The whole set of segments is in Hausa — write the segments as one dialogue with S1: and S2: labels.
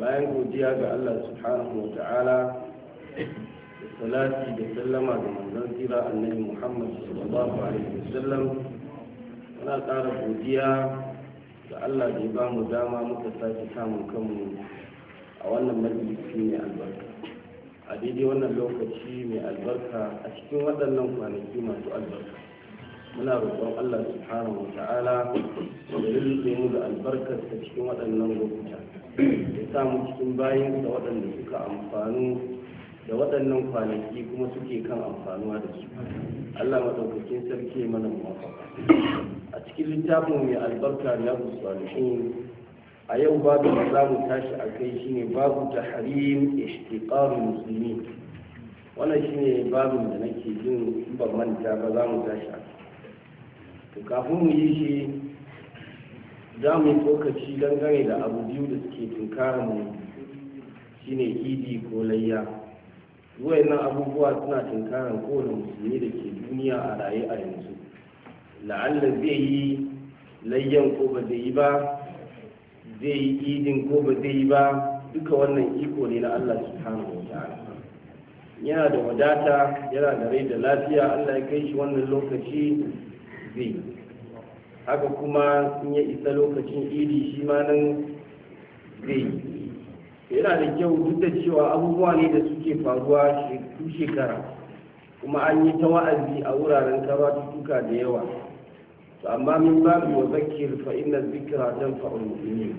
S1: bayan godiya ga Allah subhanahu wa ta'ala da salati da sallama da manzon tsira annabi Muhammad sallallahu alaihi wasallam muna ƙara godiya ga Allah da ya bamu mu dama muka sake samun kanmu a wannan majalisi mai albarka a daidai wannan lokaci mai albarka a cikin waɗannan kwanaki masu albarka muna roƙon Allah subhanahu wa ta'ala albarkarsa cikin waɗannan lokuta ya samu cikin da waɗanda suka amfanu da waɗannan kwanaki kuma suke kan amfanuwa da su allah maɗaukakin sarki mana mafaka a cikin littafin mai albarka na salihin a yau babu da za mu tashi a kai shine babu tahrim ishtiqarul musulmi wannan shine babu da nake jin ban manta ba za mu tashi a to kafin mu yi shi za mu yi tsokaci dangane da abu biyu da suke tunkara mu shine idi ko layya nan abubuwa suna tunkaran kowane musulmi da ke duniya a raye a yanzu la'alla zai yi layyan ko ba zai yi ba zai yi idin ko ba zai yi ba duka wannan iko ne na allah su kama ta'ala yana da wadata yana da rai da lafiya allah ya kai shi wannan lokaci zai yi. haka kuma sun ya isa lokacin idi shi ma nan zai yana da kyau duk da cewa abubuwa ne da suke faruwa shekaru shekara kuma an yi ta wa'azi a wuraren tutuka da yawa to amma min babu wa zakir fa inna zikra tanfa'ul mu'minin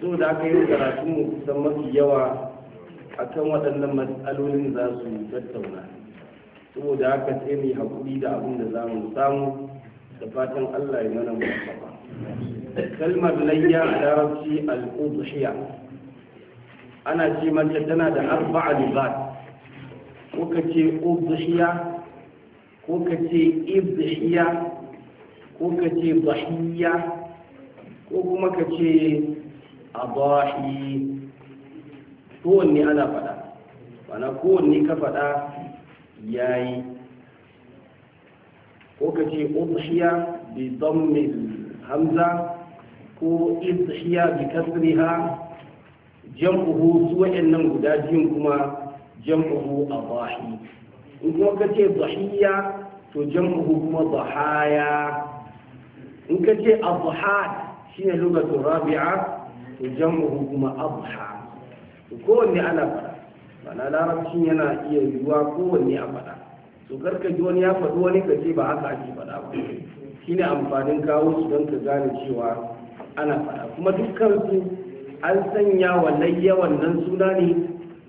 S1: to da aka yi karatu mu kusan mafi yawa akan waɗannan matsalolin za su tattauna saboda haka sai mu yi haƙuri da abin da za mu samu da fatan Allah ya mana muwafaqa kalmar layya a larabci al ana ce mata tana da arba'a lugat ko ka ce udhiya ko ka ce ibhiya ko ka ce dhahiya ko kuma ka ce adahi wanne ana faɗa ko kowanne ka faɗa yayi ko ka ce udhiya bi dhammil hamza ko udhiya bi kasriha jam'uhu su wa'annan guda biyun kuma jam'uhu adahi in kuma ka ce dhahiya to jam'uhu kuma dhahaya in ka ce adhahad shine lugatun rabi'a to jam'uhu kuma adha kowanne ana fara bana larabcin yana iya yiwuwa kowanne a fada to karka ji wani ya faɗi wani ka ce ba haka ake faɗa ba shine amfanin kawo su don ka gane cewa ana faɗa kuma dukkan su an sanya wa layya wannan suna ne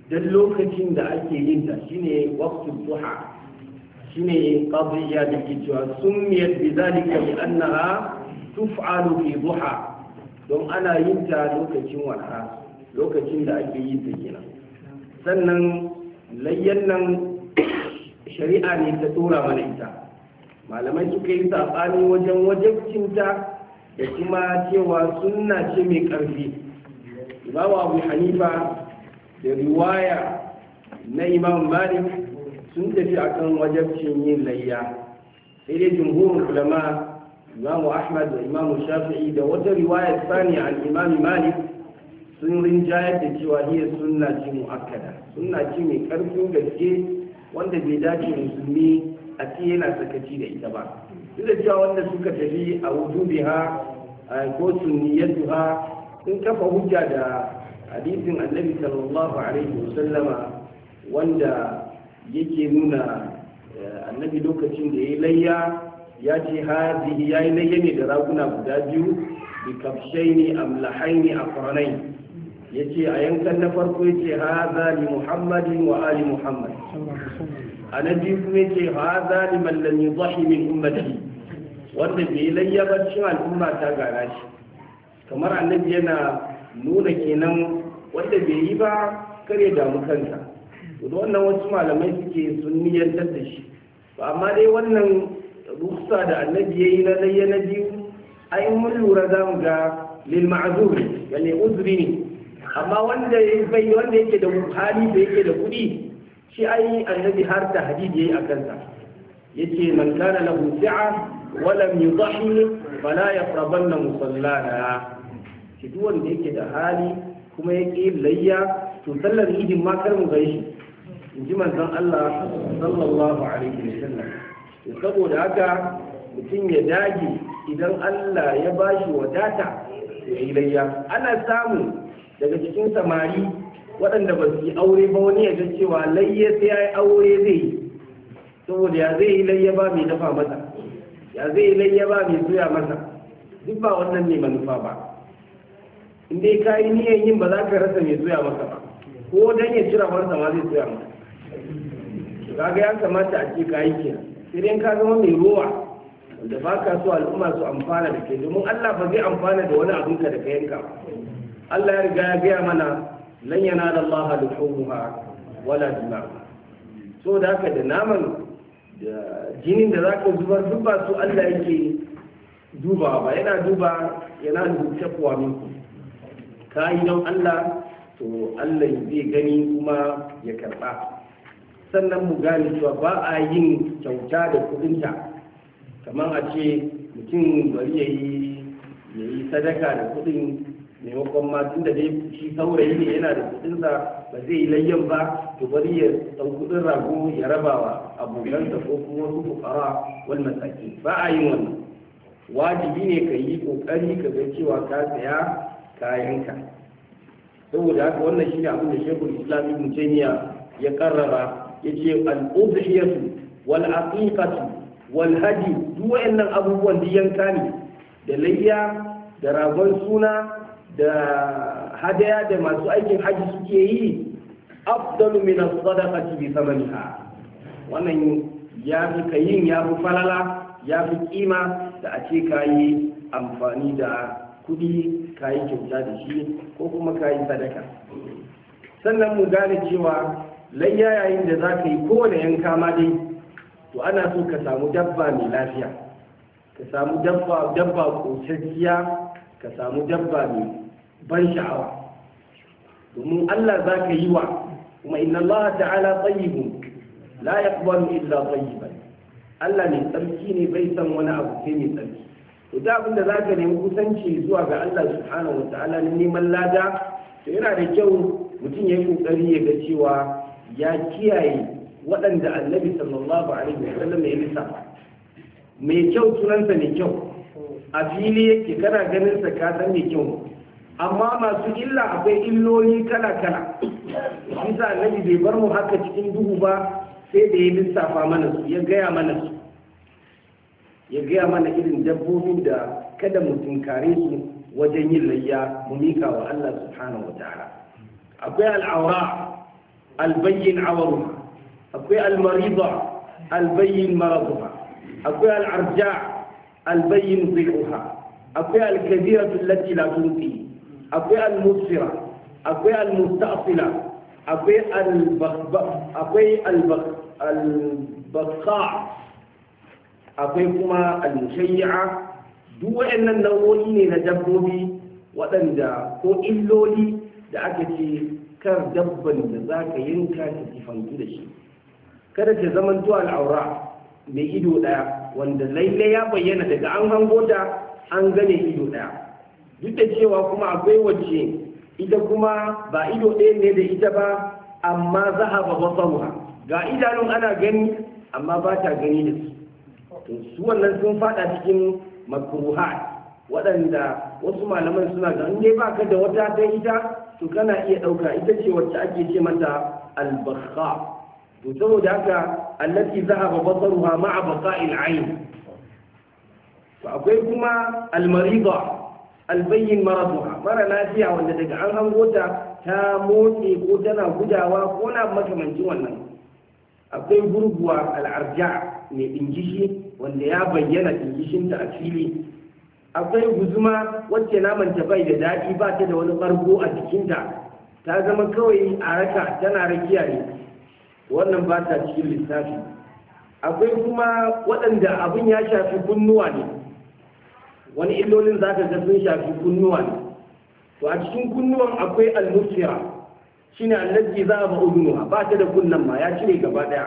S1: don lokacin da ake yin ta shine waqtul duha shine qadiyya da ke cewa miyar bi zalika li annaha tuf'alu fi duha don ana yin ta lokacin wata lokacin da ake yin ta kenan sannan layyan nan shari'a ne ta tura mana ita malamai suka yi saɓani wajen wajabcinta da kuma cewa sunna ce mai ƙarfi imamu abu hanifa da riwaya na imam malik sun tafi akan wajabcin yin layya sai dai jumhurin ulama imamu ahmad da imamu shafi'i da wata riwaya sani an imam malik sun rinjayar da cewa hiyar sunna ce mu'akkada sunna ce mai ƙarfin gaske wanda bai dace musulmi a ce yana sakaci da ita ba duk da cewa wanda suka tafi a wujubiha ko ha sun kafa hujja da hadisin annabi sallallahu alaihi wasallama wanda yake nuna eh, annabi lokacin da ya layya ya ce hadihi ya yi layya ne da raguna guda biyu bi kafshaini amlahaini afranai ya ce a yankan na farko ya ce haza li muhammadin wa ali muhammad a na biyu kuma ya ce haza li mallami zahi min ummati wanda bai layyabar cin al'umma ta gara shi kamar annabi yana nuna kenan wanda bai yi ba kare damu kanka da wannan wasu malamai suke sun niyantar da shi ba amma dai wannan ruksa da annabi ya yi na layya na biyu ai mun lura za mu ga lil ma'azuri yani uzuri ne amma wanda bai wanda yake da hali da yake da kuɗi shi ai annabi har da hadidi yayi akan sa yace man kana lahu sa'a wa lam yudhi fala yaqrabanna musallana shi duk wanda yake da hali kuma yake layya to sallar idin ma kar mu in ji manzon Allah sallallahu alaihi wasallam saboda haka mutum ya dage idan Allah ya bashi wadata ya yi layya ana samu. daga cikin samari waɗanda ba su yi aure ba wani ya cewa layya sai ya yi aure zai yi saboda ya zai yi layya ba mai dafa masa ya zai yi layya ba mai soya masa duk ba wannan ne manufa ba in dai ka yi niyan yin ba za ka rasa mai soya masa ba ko dan ya cira wani ma zai soya masa ga ya kamata a ce ka yi kenan sai dai ka zama mai ruwa da ba ka so al'umma su amfana da ke domin allah ba zai amfana da wani abinka da ka yanka ba Allah ya riga ya gaya mana lan yana da Allah tsohuwa wala dima'a so da haka da naman da jinin da zaka zubar duba su Allah yake duba ba yana duba yana rubuce kuwa minku ka yi don Allah to Allah zai gani kuma ya karba sannan mu gane cewa ba a yin kyauta da kudinta kamar a ce mutum bari ya yi sadaka da kudin maimakon ma tun da dai shi saurayi ne yana da kudinsa ba zai yi layyan ba to bari ya ɗau kudin rago ya rabawa abokansa ko kuma wasu fukara wannan masaki ba a yi wannan wajibi ne ka yi kokari ka ga cewa ka saya kayanka saboda haka wannan shine abin da shekul islam ibn taymiya ya karrara yace al udhiyatu wal aqiqatu wal hadi duk wa'annan abubuwan da yanka ne da layya da ragon suna da hadaya da masu aikin hajji suke yi afdalu min as-sadaqati bi thamaniha wannan ya fi kayin ya fi falala ya fi kima da a ce kayi amfani da kudi kayi kyauta da shi ko kuma kayi sadaka sannan mu gane cewa layya yayin da zaka ka yi kowane yanka ma dai to ana so ka samu dabba mai lafiya ka samu dabba dabba ka samu dabba mai ban sha'awa domin Allah za ka yi wa kuma inna Allah ta'ala tayyibun la yaqbalu illa tayyiban Allah mai tsarki ne bai san wani abu sai mai tsarki to da abin da zaka nemi kusanci zuwa ga Allah subhanahu wa ta'ala na neman lada to yana da kyau mutum ya yi kokari ya ga cewa ya kiyaye waɗanda annabi sallallahu alaihi wa sallam ya lissafa mai kyau sunansa mai kyau a fili yake kana ganin sa ka san mai kyau amma masu illa akwai illoli kala-kala bisa annabi bai bar mu haka cikin duhu ba sai da ya lissafa mana su ya gaya mana su ya gaya mana irin dabbobin da kada mu tunkare su wajen yin layya mu mika wa Allah subhanahu wa ta'ala akwai al'aura albayyin awaru akwai almarida albayyin maraduha akwai al'arja albayyin zai'uha akwai alkabiratu allati la tunfi akwai al-musfira akwai al akwai al-bakhba akwai al-bakha akwai kuma al-mushayya duk waɗannan nau'o'i ne na dabbobi waɗanda ko illoli da aka ce kar dabban da za ka yanka ta kifantu da shi kada ta zaman tuwa al'aura mai ido ɗaya wanda lailai ya bayyana daga an hango ta an gane ido ɗaya duk da cewa kuma akwai wacce ita kuma ba ido ɗaya ne da ita ba amma zahaba basaruha ga idanun ana gani amma ba ta gani da su su wannan sun fada cikin makruha waɗanda wasu malaman suna ga in dai baka da wata ta ita to kana iya ɗauka ita ce wacce ake ce mata albakha to saboda haka allati zahaba basaruha ma'a baqa'il ayn to akwai kuma almarida albayin marasuha mara lafiya wanda daga an hango ta ta motsi ko tana gudawa ko na makamancin wannan akwai gurguwa al'arja mai ɗingishi wanda ya bayyana ɗingishinta a fili akwai guzuma wacce namanta bai da daɗi ba ta da wani ɓargo a jikinta ta zama kawai a raka tana rakiya ne wannan ba ta cikin lissafi akwai kuma waɗanda abin ya shafi kunnuwa ne wani illolin za ka sun shafi kunnuwa ne to a cikin kunnuwan akwai al-mufsira shine allazi za ba udunuha ba ta da kunnan ma ya cire gaba daya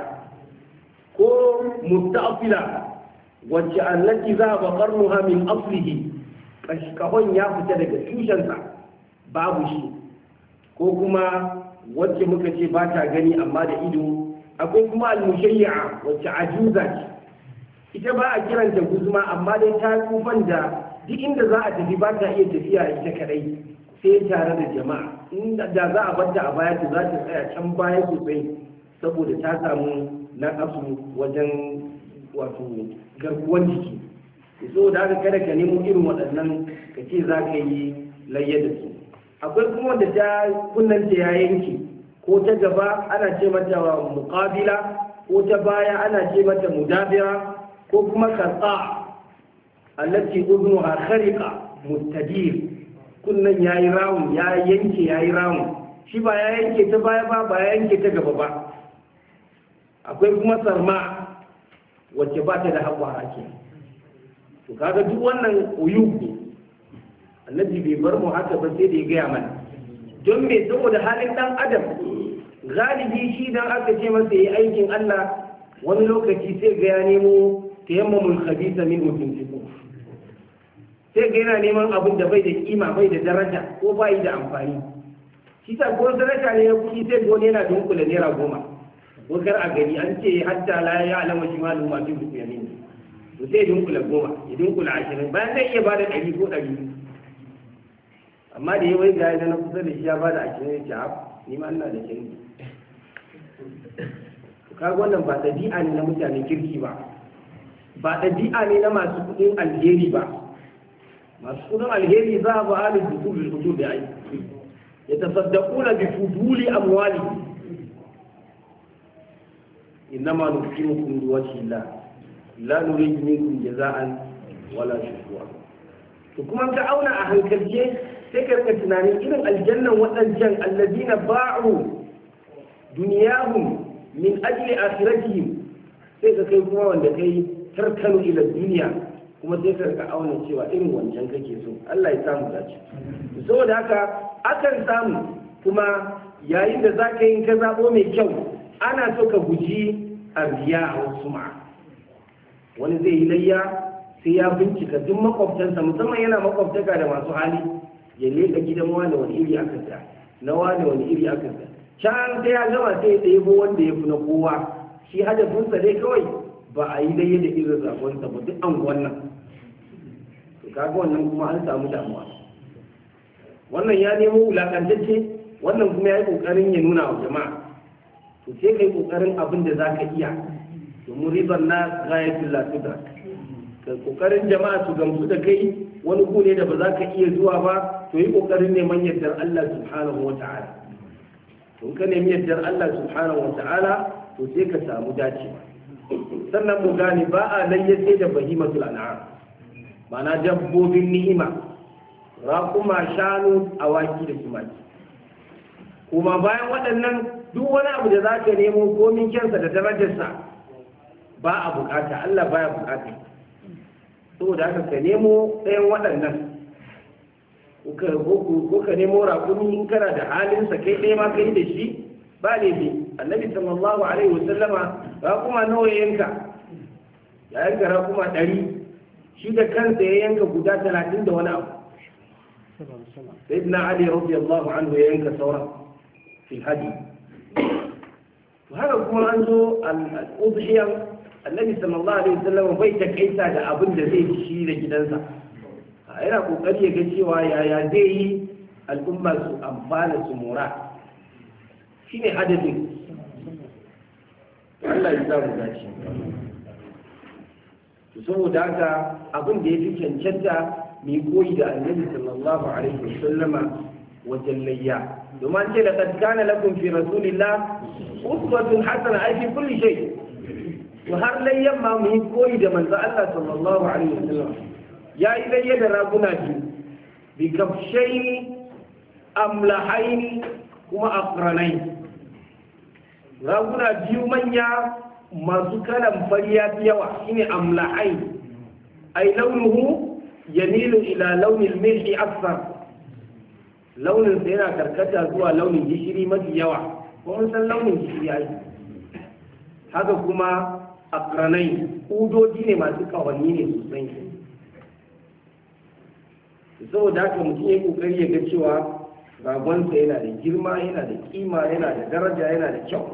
S1: ko musta'fila wacce allazi za ba qarnuha min aslihi kashkahon ya fita daga tushensa babu shi ko kuma wacce muka ce ba ta gani amma da ido akwai kuma al-mushayya wacce ajuza ita ba a kiranta guzuma amma dai ta tsufan da duk inda za a tafi ba ta iya tafiya ita kadai sai tare da jama'a inda da za a barta a baya ta za ta tsaya can baya sosai saboda ta samu asu wajen wato garkuwar jiki so da aka kada ka nemo irin waɗannan ka ce za ka yi layya da su akwai kuma wanda ta kunnan ta ya yanke ko ta gaba ana ce mata muqabila ko ta baya ana ce mata mudabira ko kuma katsa allati udnuha khariqa muttadir kunnan yayi rawun ya yanke yayi rawun shi ba ya yanke ta baya ba ba ya yanke ta gaba ba akwai kuma sarma wacce ba ta da haƙwa ake to kaga duk wannan uyub annabi bai bar mu haka ba sai da ya gaya mana don me saboda halin ɗan adam galibi shi dan aka ce masa yi aikin Allah wani lokaci sai ga ya nemo tayammumul khabitha min utuntiku sai ga yana neman abin da bai da kima bai da daraja ko bai da amfani shi ta ko daraja ne ya kuɗi sai gone yana dunkula naira goma wakar a gani an ce hatta la ya alama shi malu ma tun bisu yamin to sai dunkula goma ya dunkula ashirin bayan zai iya bada ɗari ko ɗari amma da yawai ga yana na kusa da shi ya bada ashirin ya ce haf ni ma ina da canji kaga wannan ba ɗabi'a ne na mutane kirki ba ba ɗabi'a ne na masu kuɗin alheri ba masu kuɗin alheri za a ba halin da kudu da da ai ya tasaddaquna bi fuduli amwali innama nuqimukum bi wajhi Allah la nuridu minkum jaza'an wala shukuwa? to kuma ka auna a hankalce sai ka rika tunanin irin aljannan waɗancan allazina ba'u duniyahum min ajli akhiratihim sai ka kai kuma wanda kai tarkanu ila duniya kuma sai ka ga auna cewa irin wancan kake so Allah ya samu dace saboda haka akan samu kuma yayin da za ka yi ka zaɓo mai kyau ana so ka guji a a wasu ma wani zai yi layya sai ya bincika duk makwabtansa musamman yana makwabtaka da masu hali ya leka gidan wani wani iri aka sa na wani wani iri aka sa can sai ya gama sai ya ɗebo wanda ya fi na kowa shi hadafinsa dai kawai ba a yi daidai da irin zagonsa ba duk an wannan kaga wannan kuma an samu damuwa wannan ya nemo wulakantacce wannan kuma ya yi kokarin ya nuna wa jama'a to sai kai kokarin abin da za ka iya domin ribar na gayatul lafida ka kokarin jama'a su gamsu da kai wani ne da ba za ka iya zuwa ba to yi kokarin neman yardar Allah subhanahu ta'ala to ka nemi yardar Allah subhanahu ta'ala to sai ka samu dacewa sannan mu gane ba a layyace da bahimatul an'am mana dabbobin ni'ima raƙuma shanu awaki da tumaki kuma bayan waɗannan duk wani abu da za ka nemo komin kyansa da darajarsa ba a bukata Allah baya bukata saboda haka ka nemo ɗayan waɗannan ko ka nemo raƙumi in kana da halinsa kai ɗaya ma kai da shi ba bi annabi sallallahu alaihi wasallama raƙuma nawa yanka ya yanka raƙuma ɗari shi da kansa ya yanka guda talatin da wani abu sai na ali radiyallahu anhu ya yanka saura fil hadi haka kuma an zo al al'udhiyar annabi sallallahu alaihi wasallam bai ta kaita da abin da zai shi da gidansa yana kokari ya ga cewa yaya zai yi al'umma su amfana su mora shine adadin Allah ya sa mu dace to saboda haka abin da fi cancanta mu koyi da annabi sallallahu alaihi Sallama wajen layya domin ce da kaskana lakum fi rasulillah uswatun hasana ai fi kulli shay to har layyan ma mu yi koyi da manzo Allah sallallahu alaihi Sallam. ya yi layya da raguna biyu bi kafshaini amlahaini kuma aqranaini raguna biyu manya masu kalan fari ya yawa shine amla'ai ai launuhu yamilu ila launin milhi aksar launin sa yana karkata zuwa launin gishiri mafi yawa ko mun san launin gishiri ai haka kuma akranai udoji ne masu kawanni ne sosai saboda haka mutum ya kokari ya ga cewa ragon sa yana da girma yana da kima yana da daraja yana da kyau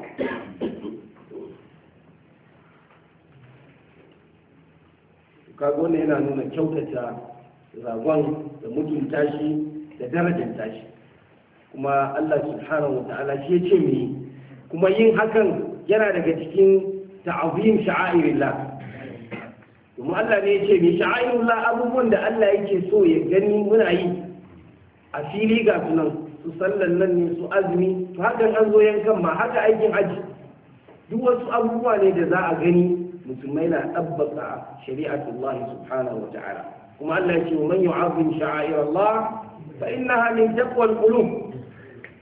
S1: kago ne yana nuna kyautata ragon da mutunta shi da darajar tashi. kuma Allah subhanahu wa ta'ala shi ce me kuma yin hakan yana daga cikin ta'azim sha'airillah kuma Allah ne ya ce me sha'airillah abubuwan da Allah yake so ya gani muna yi a fili ga sunan su sallan nan ne su azumi to hakan an zo yankan ma haka aikin aji duk wasu abubuwa ne da za a gani musulmai na tabbata shari'atullah subhanahu wa ta'ala kuma Allah ya ce wa man yu'azzim sha'airallah fa innaha min taqwal qulub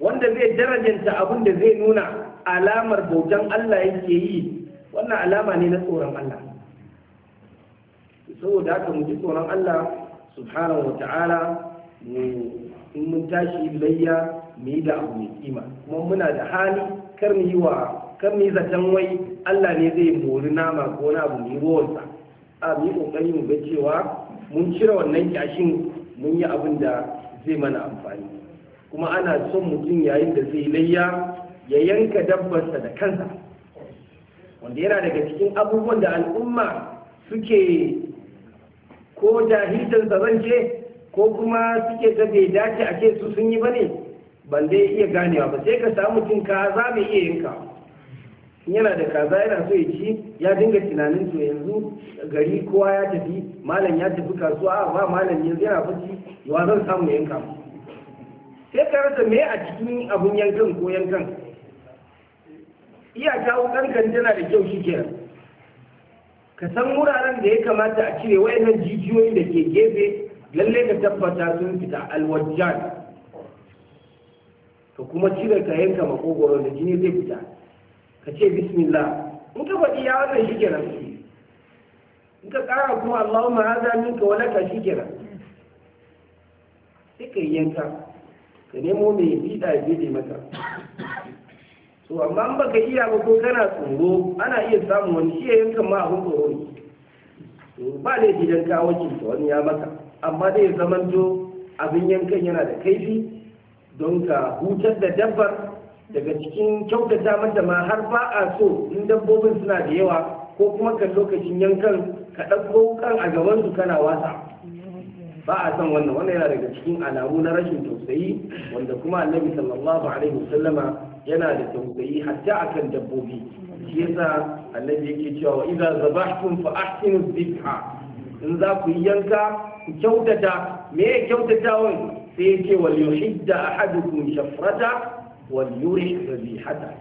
S1: wanda zai darajanta abin da zai nuna alamar bautan Allah yake yi wannan alama ne na tsoron Allah saboda haka mu ji tsoron Allah subhanahu wa ta'ala mu in mun tashi layya mu yi da abu mai kima kuma muna da hali kar mu yi wa kar mu yi zaton wai Allah ne zai mori nama ko wani abu mai ruwansa a mu yi kokari mu ga cewa mun cire wannan kyashin mun yi abin da zai mana amfani kuma ana son mutum yayin da zai layya ya yanka dabbarsa da kansa wanda yana daga cikin abubuwan da al'umma suke ko jahiltar zance ko kuma suke ta bai dace a ce su sun yi ba ne ban dai iya ganewa ba sai ka samu cin kaza bai iya yanka yana da kaza yana so ya ci ya dinga tunanin to yanzu gari kowa ya tafi malam ya tafi kasuwa a ba malam yanzu yana fashi yawa zan samu yanka sai ka rasa me a cikin abun yankan ko yankan iya kawo kan tana da kyau shi kenan ka san wuraren da ya kamata a cire wayannan jijiyoyin da ke gefe lalle ka tabbata sun fita alwajjan ka kuma cire ka yanka makogoro da jini zai fita ka ce bismillah in ka faɗi ya wannan shi kenan in ka ƙara kuma allahumma haza minka wala ka shi kenan sai ka yanka ka nemo mai bida ya bude maka to amma an baka iya ba ko kana tsoro ana iya samun wani shi ya yanka ma abin tsoro ne ba laifi don kawo wani ya maka amma zai ya zamanto abin yankan yana da kaifi don ka hutar da dabbar daga cikin kyautata mata ma har ba a so in dabbobin suna da yawa ko kuma ka lokacin yankan ka ɗauko kan a gaban su kana wasa ba a san wannan wannan yana daga cikin alamu na rashin tausayi wanda kuma annabi sallallahu alaihi wasallama yana da tausayi hatta akan dabbobi shi yasa annabi yake cewa wa idza zabahtum fa ahsinu dhabha in za ku yi yanka kyautata me ya kyautata wai sai yake wal yuhidda ahadukum shafrata wal yurih zabihata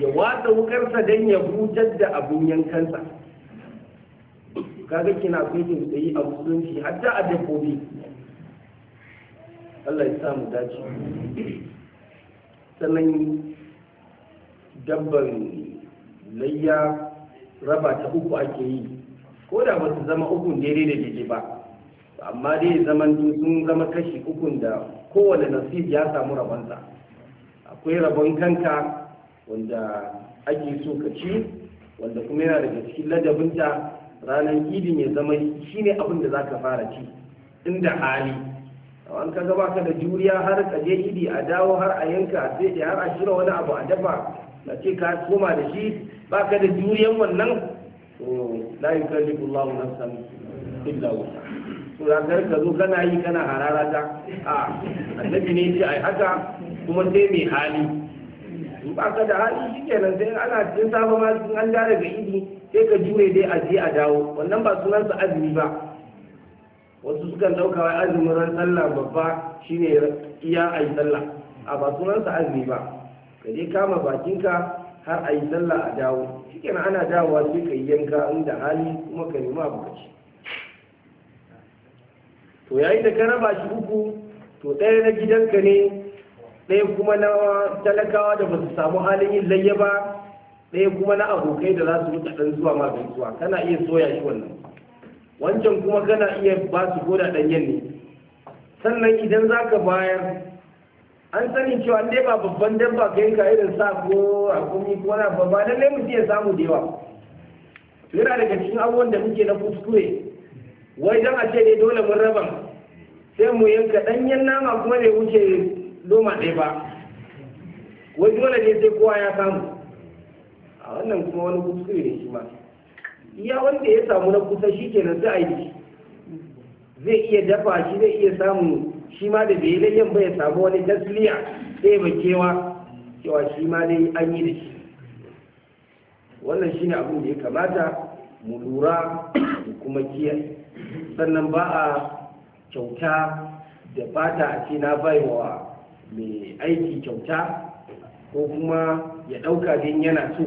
S1: ya watsa wukarsa dan ya hutar da abun yankansa kaga kina gudun tsayi a shi hatta a dabbobi Allah ya samu dace sannan dabban layya raba ta uku ake yi ko da ba su zama ukun daidai da daidai ba amma dai zaman sun zama kashi ukun da kowane nasib ya samu rabonsa akwai rabon kanka wanda ake so ka ci wanda kuma yana daga cikin ladabinta ranar idin ya zama shi ne abin da za ka fara ci inda hali an ka gaba ka da juriya har ka je idi a dawo har a yanka a sai har a shira wani abu a dafa na ce ka koma da shi ba ka da juriyan wannan la yukallifu Allahu nafsan illa wusa sura kar ka zo kana yi kana harara ta a annabi ne ce ai haka kuma sai mai hali in ba ka da hali shikenan sai ana cikin safa ma cikin an dare ga idi sai ka jure dai a je a dawo wannan ba sunansa azumi ba wasu sukan dauka wai azumin ran sallah babba shine iya ayi sallah a ba sunansa azumi ba ka je kama bakinka har a yi sallah a dawo cikin ana dawowa sai ka yanka inda hali kuma ka nemi abu to yayin da ka raba shi uku to ɗaya na gidanka ne ɗaya kuma na talakawa da ba su samu halin yin layya ba ɗaya kuma na abokai da za su wuce ɗan zuwa ma ɗan zuwa kana iya soya shi wannan wancan kuma kana iya ba su ko ɗanyen ne sannan idan za ka bayar an sani cewa dai ba babban dabba ka yanka irin sa ko rakumi ko na babba na lemu mutum ya samu da yawa yana daga cikin abubuwan da muke na kuskure wai don a ce ne dole mun raba sai mu yanka ɗanyen nama kuma ne wuce loma ɗaya ba wai dole ne sai kowa ya samu a wannan kuma wani kuskure ne shi ma iya wanda ya samu na kusa shi kenan sai a yi zai iya dafa shi zai iya samu shi ma da bai ba ya samu wani tasliya sai ba kewa cewa shi ma dai an yi da shi wannan shi ne abin da ya kamata mu lura da kuma kiyaye sannan ba a kyauta da fata a ce na baiwa mai aiki kyauta ko kuma ya ɗauka din yana so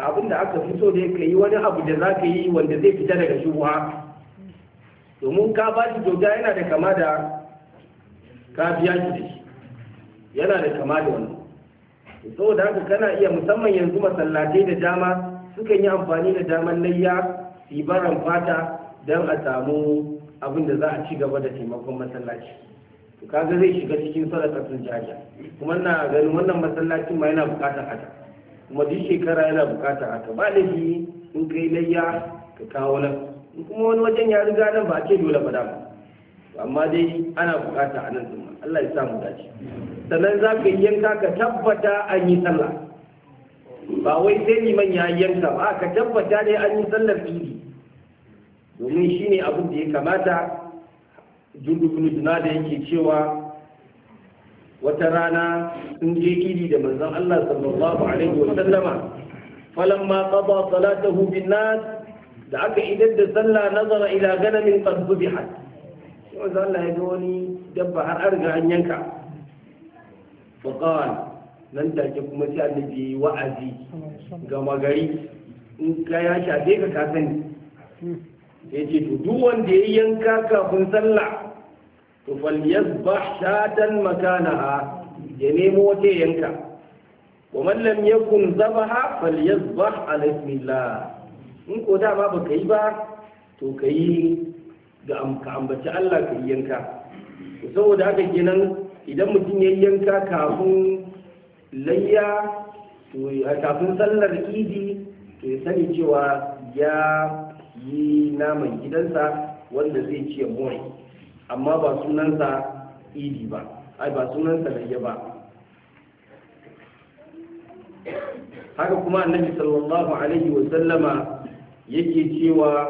S1: abin da aka fi so da ka yi wani abu da za ka yi wanda zai fita daga shubuha domin ka ba shi kyauta yana da kama da ka biya shi da shi yana da kama da wannan saboda haka kana iya musamman yanzu masallatai da dama sukan yi amfani da daman layya su baran fata don a samu abin da za a ci gaba da taimakon masallaci to kaga zai shiga cikin sadakatun jariya kuma na ganin wannan masallacin ma yana bukatar haka kuma duk shekara yana bukatar haka ba laifi in kai layya ka kawo nan kuma wani wajen ya riga nan ba a ce dole ba dama amma dai ana bukata a nan zuma Allah ya sa mu dace sannan za ka yanka ka tabbata an yi sallah ba wai sai ni ya yanka ba ka tabbata dai an yi sallar idi domin shine abin da ya kamata jundu juna da yake cewa wata rana sun je idi da manzon Allah sallallahu alaihi wa sallama falamma qada salatahu bin nas da aka idan da sallah nazara ila ganamin qad zubihat manzo Allah ya ga wani dabba har an riga an yanka fa nan da ke kuma sai annabi wa'azi ga magari in ka ya shafe ka ka sani ya ce to duk wanda ya yanka kafin sallah to ba shatan makanaha ya nemo wata yanka wa ya lam yakun zabaha falyas ala ismillah in ko dama ka yi ba to ka yi ga ka ambaci Allah ka yi yanka saboda haka kenan idan mutum ya yanka kafin layya kafin sallar idi to ya sani cewa ya yi naman gidansa wanda zai ce mori amma ba sunansa idi ba ai ba sunansa layya ba haka kuma annabi sallallahu alaihi wasallama yake cewa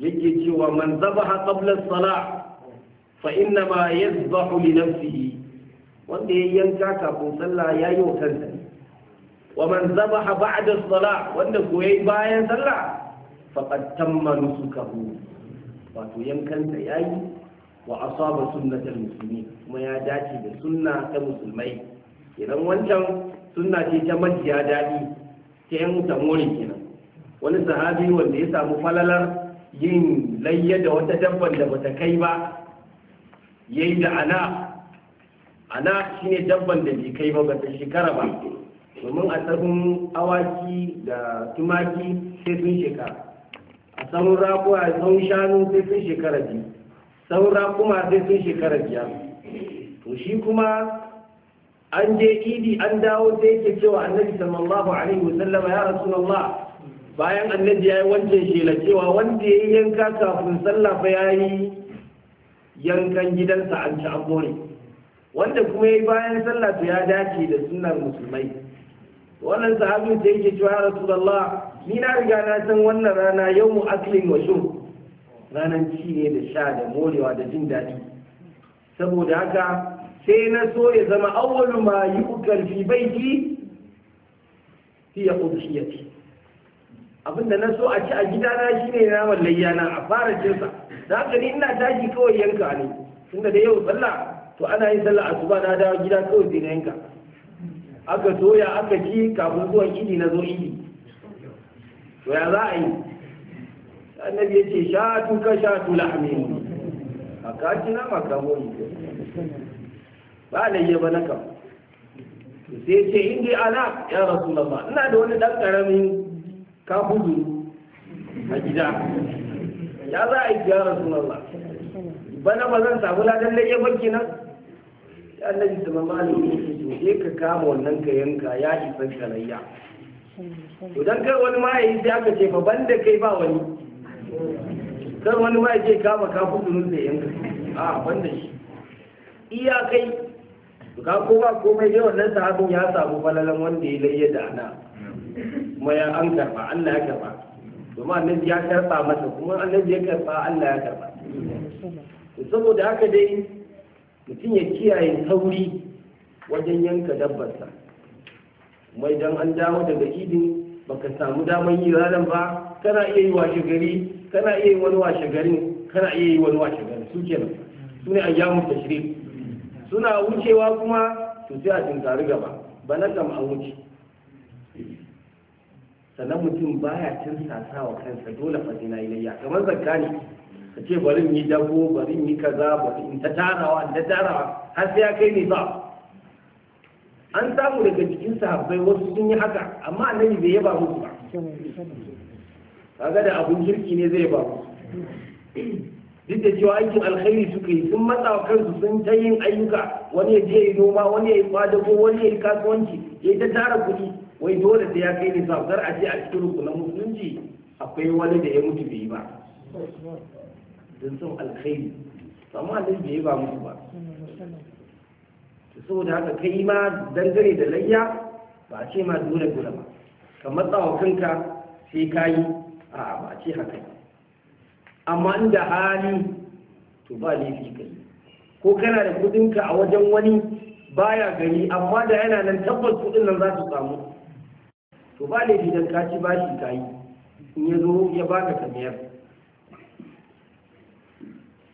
S1: yake cewa man zabaha qabla as-salah fa inna ma yazbahu li nafsihi wanda ya yanka kafin sallah ya yi wa kansa wa man zabaha ba'da as-salah wanda ko yayi bayan sallah faqad tamma nusukahu wato ya yi wa asaba sunnatal Musulmi, kuma ya dace da sunna ta musulmai idan wancan sunna ce ta majiya daɗi ta yan tamori kenan wani sahabi wanda ya samu falalar yin layya da wata dabban da bata kai ba yayin da ana ana shine dabban da bai kai ba bata shekara ba domin a tsarun awaki da tumaki sai sun shekara a tsarun rakuwa a tsarun shanu sai sun shekara biyu tsarun rakuma sai sun shekara biyar to shi kuma an je idi an dawo sai yake cewa annabi sallallahu alaihi wasallama ya rasulullah bayan annabi ya yi wancan shela cewa wanda ya yi yanka kafin sallah fa ya yi yankan gidansa an ci an more wanda kuma ya yi bayan sallah to ya dace da sunnar musulmai wannan sahabin ta yake cewa rasulullah ni na riga na san wannan rana yau mu aklin wa shu ranan ci ne da sha da morewa da jin daɗi saboda haka sai na so ya zama awwalu ma yi fi baiti fi ya abinda na so a ci a gidana shine naman layyana a fara cinsa da haka ni ina tashi kawai yanka ne tunda da yau sallah to ana yin sallah asuba na dawo gida kawai sai na yanka aka soya aka ci kafin zuwan idi na zo idi to ya za a yi annabi ya ce tuka ka tula lahmi a kaci na makamo ne ba layya ba na kam sai ce indi ana ya rasu ina da wani dan karamin ka hudu a gida ya za a yi gyara suna ba bana ba zan samu ladan da yaba nan ya annabi sallallahu alaihi wasallam yake to ka kama wannan ka yanka ya isa kalayya to dan kar wani ma yi sai aka ce fa banda kai ba wani kar wani ma ce kama ka hudu da yanka a banda shi iya kai ka ko ba komai dai wannan sahabin ya samu falalan wanda ya layyada ana kuma ya an karba Allah ya karba domin annabi ya karba masa kuma annabi ya karba Allah ya karba saboda haka dai mutum ya kiyaye sauri wajen yanka dabbarsa mai idan an dawo daga idin baka samu daman yi ranar ba kana iya yi washe gari kana iya yi wani washe garin kana iya yi wani washe garin su kenan su ne ayyamu tashrik suna wucewa kuma to sai a tinkari gaba na kam an wuce sannan mutum baya cin wa kansa dole fa na nayi kamar zakka ne ka ce bari yi dabo bari yi kaza bari in ta tarawa in ta tarawa har sai ya kai ni ba an samu daga cikin sahabbai wasu sun yi haka amma annabi bai yaba musu ba kaga da abun kirki ne zai ba duk da cewa aikin alkhairi suka yi sun matsa wa kansu sun ta yin ayyuka wani ya je ya yi noma wani ya yi kwadago wani ya yi kasuwanci ya yi ta tara kuɗi wai dole sai ya kai ni kar a ce a cikin rukunan musulunci akwai wani da ya mutu bai yi ba don son alkhairi amma annabi bai yi ba mutu ba saboda haka kai ma dangane da layya ba a ce ma dole dole ba ka matsa wa kanka sai ka yi a ba a ce haka amma inda hali to ba laifi ka yi ko kana da kudinka a wajen wani baya gari amma da yana nan tabbas kudin nan za su samu to ba ne idan ka ci bashi ka yi in ya zo ya baka kamiyar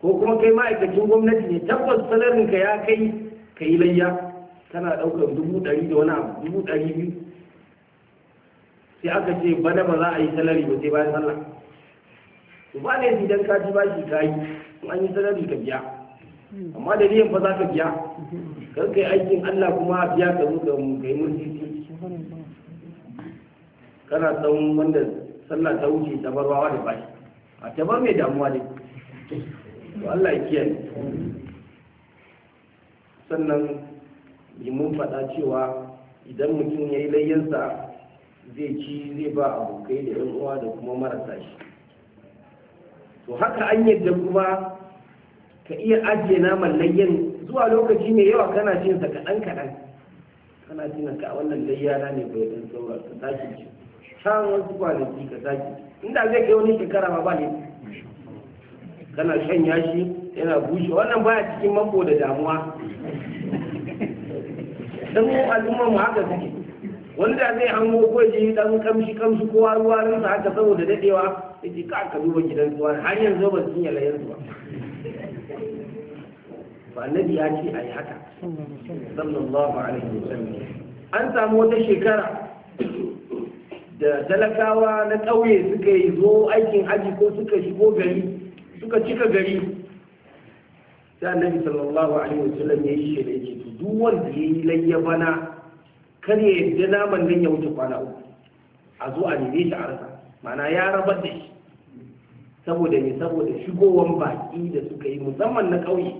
S1: ko kuma kai ma'aikacin gwamnati ne tabbas salarin ka ya kai ka yi layya tana ɗaukar dubu ɗari da wani abu dubu ɗari biyu sai aka ce bana ba za a yi salari ba sai bayan sallah to ba ne idan ka ci bashi ka yi in an yi salari ka biya amma da niyan fa za ka biya kar kai aikin Allah kuma biya ka zo ka yi mulki kana tsawon wanda sallah ta wuce ta bar wawa da bashi a ta bar mai damuwa ne to Allah ya kiyaye sannan mun faɗa cewa idan mutum ya yi layyansa zai ci zai ba abokai da yan uwa da kuma marasa shi to haka an yadda kuma ka iya ajiye naman layyan zuwa lokaci mai yawa kana cin sa kaɗan kaɗan kana cin ka wannan layyana ne bai dan saura ka tashi can wasu kwanaki ka sake inda zai kai wani shekara ma ba ne kana shan yashi yana bushe wannan baya cikin mako da damuwa dan mu al'ummar mu haka suke wani da zai hango ko ji dan kamshi kamshi ko ruwa sa haka saboda dadewa yake ka ka duba gidan ruwa har yanzu ba sun yala yanzu ba ba annabi ya ce ayi haka sallallahu alaihi wasallam an samu wata shekara da talakawa na ƙauye suka yi zo aikin aji ko suka shigo gari suka cika gari sai annabi sallallahu alaihi sallam ya yi shirye ce to duk wanda ya yi lanya bana kar ya yarda naman nan ya wuce kwana uku a zo a nemi shi a rasa ma'ana ya rabar da shi saboda ne saboda shigowan baki da suka yi musamman na ƙauye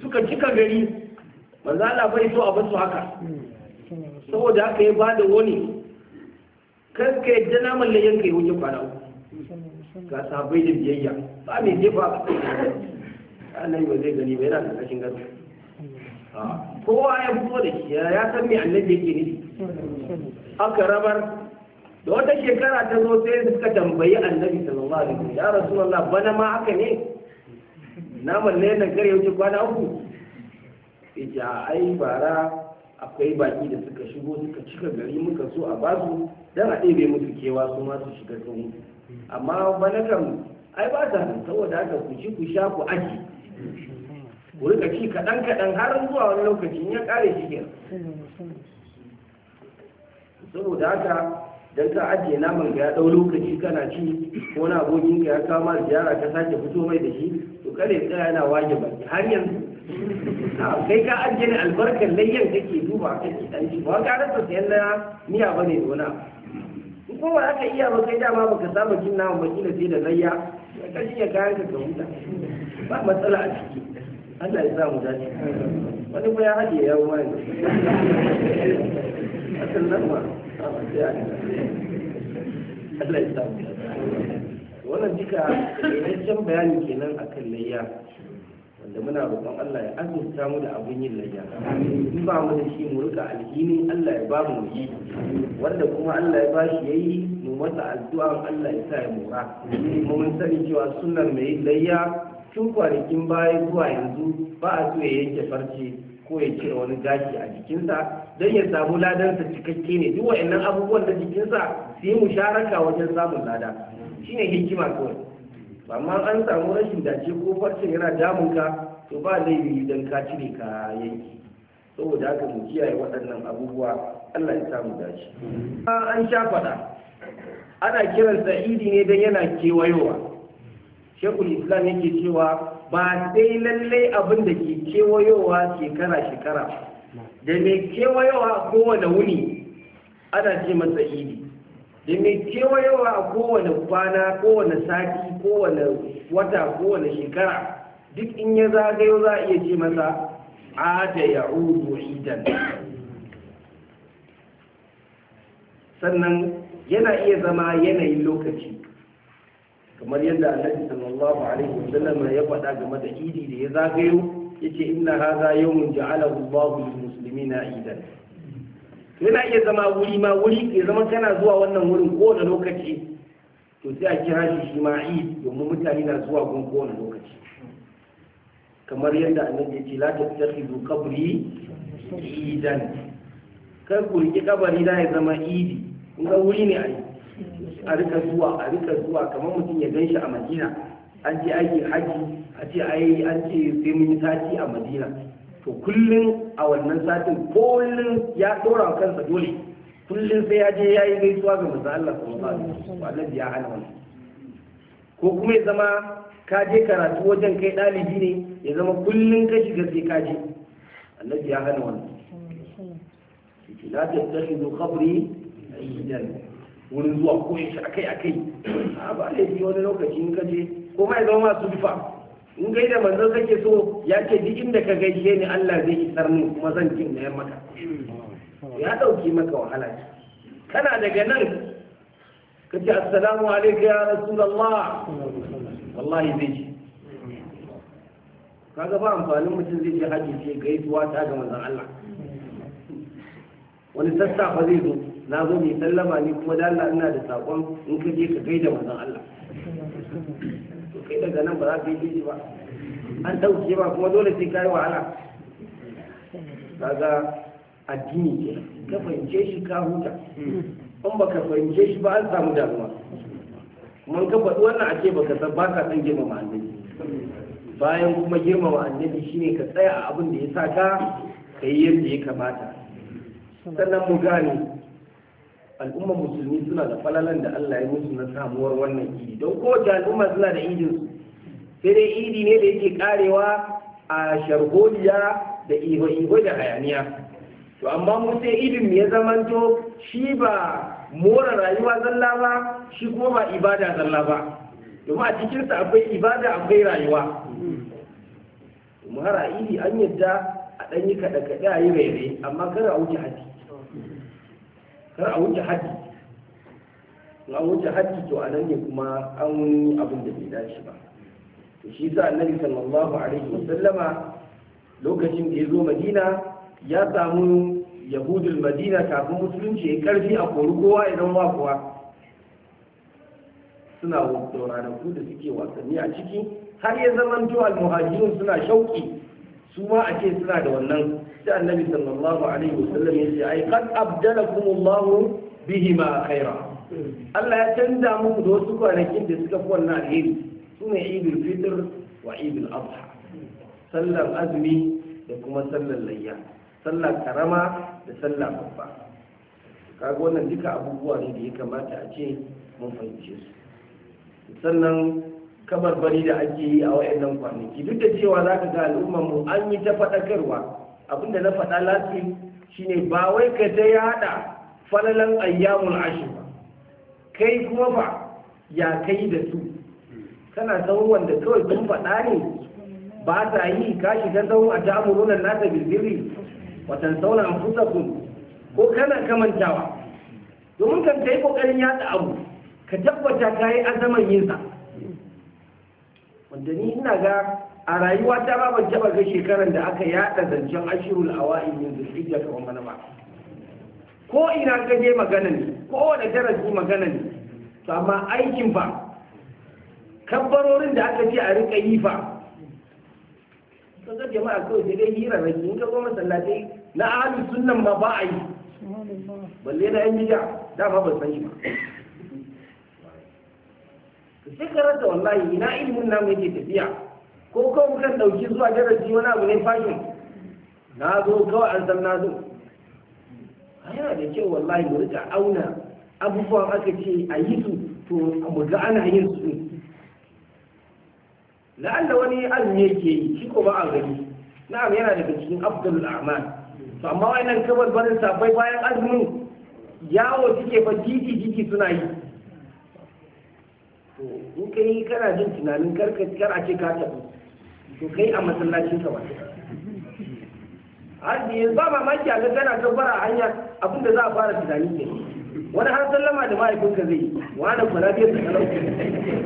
S1: suka cika gari manzo Allah bai so a su haka saboda haka ya bada wani kan ka yadda naman layyan ka yi wuce kwana uku ga sabai da biyayya ba mai jefa annabi ba zai gani ba yana karkashin gado ah, kowa ya fito da shi ya san me annabi yake ne aka rabar da wata shekara ta zo sai suka tambayi annabi sallallahu alaihi wasallam ya rasulullah bana ma haka ne naman ne nan kare wuce kwana uku ita ai bara akwai baki da suka shigo suka cika gari muka so a basu don a ɗebe mutu kewa su masu shiga tsohon amma bana kan ai ba ta nan saboda haka ku ci ku sha ku aji ku rika ci kaɗan kaɗan har zuwa wani lokacin ya ƙare shi ke saboda haka don ka ajiye naman ka ya ɗau lokaci kana ci ko na abokin ka ya kama ziyara ka sake fito mai da shi to kare tsaya yana wage baki har yanzu kai ka ajiye albarkar layyan kake duba kake dan ci ba ka rasa sayan na miya ba da wani abu ko ba aka iya ba kai dama baka saba jin nama ba kila sai da layya ka ya kayan ka huta ba matsala a ciki Allah ya sa mu dace wani ba ya haɗe ya ruwa ne a kan nan ma Allah ya sa mu dace wannan duka cikakken bayani kenan akan layya da muna roƙon Allah ya azurta mu da abun yin layya in ba mu da shi mu rika alhini Allah ya ba mu yi wanda kuma Allah ya bashi shi yayi mu masa addu'a Allah ya sa ya mura. mu mun sani cewa sunnar mai layya tun kwanakin baya zuwa yanzu ba a so ya yanke farce ko ya cire wani gashi a jikinsa don ya samu ladansa cikakke ne duk wa'annan abubuwan da jikinsa su yi musharaka wajen samun lada shine hikima kawai amma an samu rashin dace ko farcen yana damun ka to ba laifi don ka cire ka yanki saboda haka mu kiyaye waɗannan abubuwa Allah ya samu dace an sha faɗa ana kiran sa'idi ne don yana kewayowa shekul islam yake cewa ba sai lallai abin da ke kewayowa shekara shekara da mai kewayowa kowane wuni ana ce masa idi da mai kewayewa a kowane kwana kowane sati kowane wata kowane shekara duk in ya zagayo za a iya ce masa da ya udu idan sannan yana iya zama yanayin lokaci kamar yadda annabi sallallahu alaihi wasallam ya faɗa game da idi da ya zagayo yace inna hadha yawmun ja'alahu babu musulmi na idan yana iya zama wuri ma wuri ya zama kana zuwa wannan wurin kowane lokaci to sai a kira shi shi ma yi domin mutane na zuwa gun kowane lokaci kamar yadda annabi ya ce la tattakhidhu kabri idan kar ku riƙe kabari da ya zama idi in ga wuri ne a rika zuwa a rika zuwa kamar mutum ya ganshi a madina an ce aiki haji a ce yi an ce sai mun yi sati a madina to kullum a wannan satin kullum ya dora wa kansa dole kullum sai ya je ya yi gaisuwa ga manzo Allah sallallahu alaihi wasallam ya hana wannan ko kuma ya zama ka je karatu wajen kai dalibi ne ya zama kullum ka shiga sai ka je annabi ya hana wannan yake la tattakhidhu qabri ayyidan wurin zuwa ko shi akai akai a ba ne wani lokaci in ka je ko mai zama masu dufa in gaida da manzo kake so ya ce duk inda ka gaishe ni Allah zai isar tsarni kuma zan jin na maka ya dauki maka wahala kana daga nan ka ce assalamu alaikum ya rasulullah wallahi zai ji kaga ba amfanin mutum zai je haji ce gaisuwa ta ga manzon Allah wani fa zai zo na zo mai sallama ni kuma da Allah ina da sakon in ka je ka gaida manzon Allah daga nan ba za ka yi shi ba an ɗauke ba kuma dole sai ka yi wahala kaga addini ke ka fahimce shi ka huta in baka fahimce shi ba an samu damuwa Mun ka faɗi wannan a ce baka san ba ka san girmama annabi bayan kuma girmama annabi shine ka tsaya a abin da ya sa ka ka yi yadda ya kamata sannan mu gane al'ummar musulmi suna da falalan da Allah ya musu na samuwar wannan idi don kowace al'umma suna da idinsu sai dai idi ne da yake karewa a sharholiya da iho-iho da hayaniya to amma mu sai idin ya zamanto shi ba mora rayuwa zalla ba shi kuma ba ibada zalla ba domin a cikinsa akwai ibada akwai rayuwa mara idi an yadda a ɗan yi kaɗe-kaɗe a yi rere amma kar a wuce haji kar a wuce haji in a wuce haji to a nan ne kuma an abin da bai dace ba to shi a annabi sallallahu alaihi wasallama lokacin da ya zo madina ya samu yahudul madina kafin musulunci ya karfi a kori kowa idan ba kowa suna ranaku da suke wasanni a ciki har ya zamanto almuhajirun suna shauki su ma a ce suna da wannan sai annabi sallallahu alaihi wasallam ya ce ai qad abdalakumullahu bihima khaira Allah ya canza muku da wasu kwanakin da suka fi wannan alheri su ne idul fitr wa idul adha sallar azumi da kuma sallar layya sallar karama da sallar babba kaga wannan duka abubuwa ne da ya kamata a ce mun fahimce su sannan kabar-bari da ake yi a wayannan kwanaki duk da cewa za ka ga al'ummar mu an yi ta faɗakarwa abinda na faɗa lati shine ba wai ka ta yada falalan ayyamul ashir kai kuma ba ya kai da su kana sauran wanda kawai tun faɗa ne ba ta yi ka shiga zaun a ta'amurunan nasa bilbiri watan sauran an fusa kun ko kana kamantawa domin kan ta yi ƙoƙarin yaɗa abu ka tabbata ka yi azaman yinsa wanda ni ina ga a rayuwa ta ba ban taɓa ga shekaran da aka yaɗa zancen ashirul awa'in min zulhijja ta wani ba ko ina ka je magana ne ko wani darasi magana ne to amma aikin ba kabbarorin da aka ce a rika yi fa sun jama'a kawai sai dai hira ne in ka zo masallatai na ahli sunnan ma ba a yi
S2: balle na yan bid'a
S1: dama ban san shi ba sai ka rasa wallahi ina ilimin nan yake tafiya ko kawai mukan dauki zuwa darasi wani abu ne fashin na zo kawai an san na zo yana da kyau wallahi mu rika auna abubuwan aka ce a yi su to a ga ana yin su la'alla wani azumi yake yi shi a gari na'am yana daga cikin afdalul a'mal to amma wayannan kabar barin sabai bayan azumin yawo suke fa titi titi suna yi to in kai kana jin tunanin kar a ce ka tafi kai a masallacin ka wani har ba mamaki a ga kana kabbara a hanya abinda za a fara tunani ne wani har sallama da mahaifinka zai yi wani kwana biyar da talauci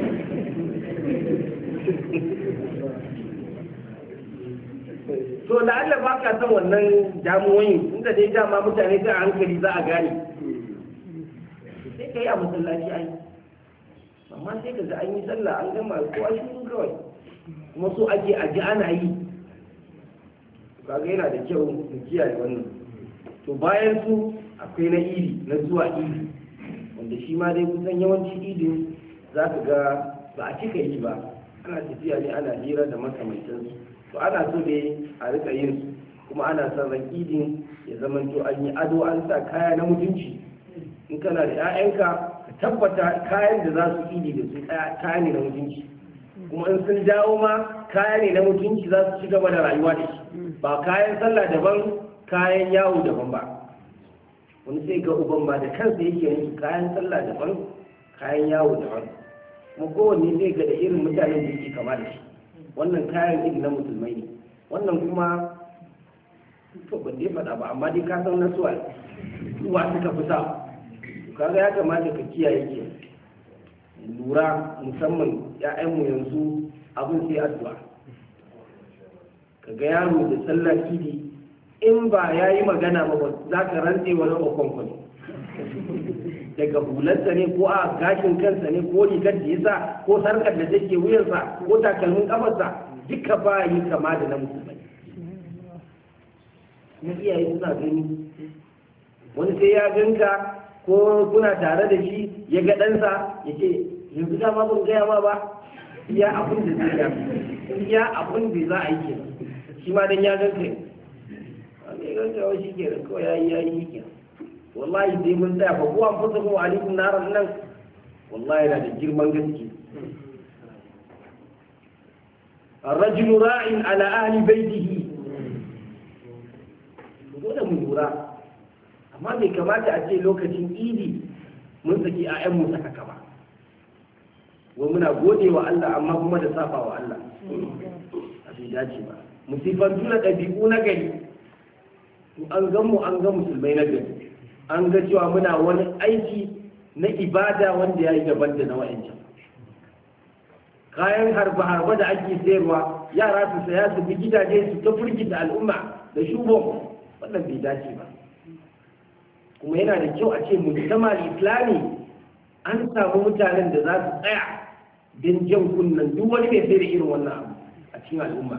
S1: to Allah ba ka san wannan damuwoyin inda dai dama mutane ta hankali za a gane sai ka yi a masallaci ai amma sai ka ga an yi sallah an gama kowa shi kawai kuma so ake a ji ana yi kaga yana da kyau mu kiyaye wannan to bayan su akwai na iri na zuwa iri wanda shi ma dai kusan yawanci idin za ka ga ba a cika yi ba ana tafiya ne ana hira da makamantansu to ana so ne a rika yin su kuma ana son ran idin ya zama to an yi ado an sa kaya na mutunci in kana da 'ya'yanka ka tabbata kayan da za su idi da su kaya ne na mutunci kuma in sun dawo ma kaya ne na mutunci za su ci gaba da rayuwa da shi ba kayan sallah daban kayan yawo daban ba wani sai ga uban ba da kansa yake musu kayan sallah daban kayan yawo daban kuma kowanne zai ga da irin mutanen da yake kama da shi wannan kayan iri na musulmai ne wannan kuma to ban dai faɗa ba amma dai ka san na suwa suwa suka fi sa kaga ya kamata ka kiyaye ke lura musamman ya'yanmu yanzu abin sai addu'a kaga yaro da sallar kidi in ba ya yi magana ba za ka rantse wani bakon daga hularsa ne ko a gashin kansa ne ko rigar da yasa ko sarkar da take wuyansa ko takalmin kafarsa duka ba yi kama da na musulmai na iyaye suna gani wani sai ya ganka ko kuna tare da shi ya ga ɗansa ya ce yanzu dama ban gaya ma ba iya abin da zai iya abin da za a yi kenan shi ma dan ya ganka ya ganka wa shi kenan kawai ya yi ya yi kenan wallahi dai mun tsaya ba fa kuwa fusa ko alaikum naran nan wallahi yana da girman gaske الرجل راع على أهل بيته dole mu lura amma bai kamata a ce lokacin idi mun saki a mu saka kama? wai muna gode wa Allah amma kuma da safa wa Allah a bai dace ba Musifantu na ɗabi'u na gari an gan mu an ga musulmai na gari an ga cewa muna wani aiki na ibada wanda ya yi daban da na wa'ancan kayan harba-harba da ake sayarwa yara su saya su bi gidaje su ta firgita al'umma da shubon wannan bai dace ba kuma yana da kyau a ce mujtama islami an samu mutanen da za su tsaya don jan kunnen duk wani mai sai da irin wannan abu a cikin al'umma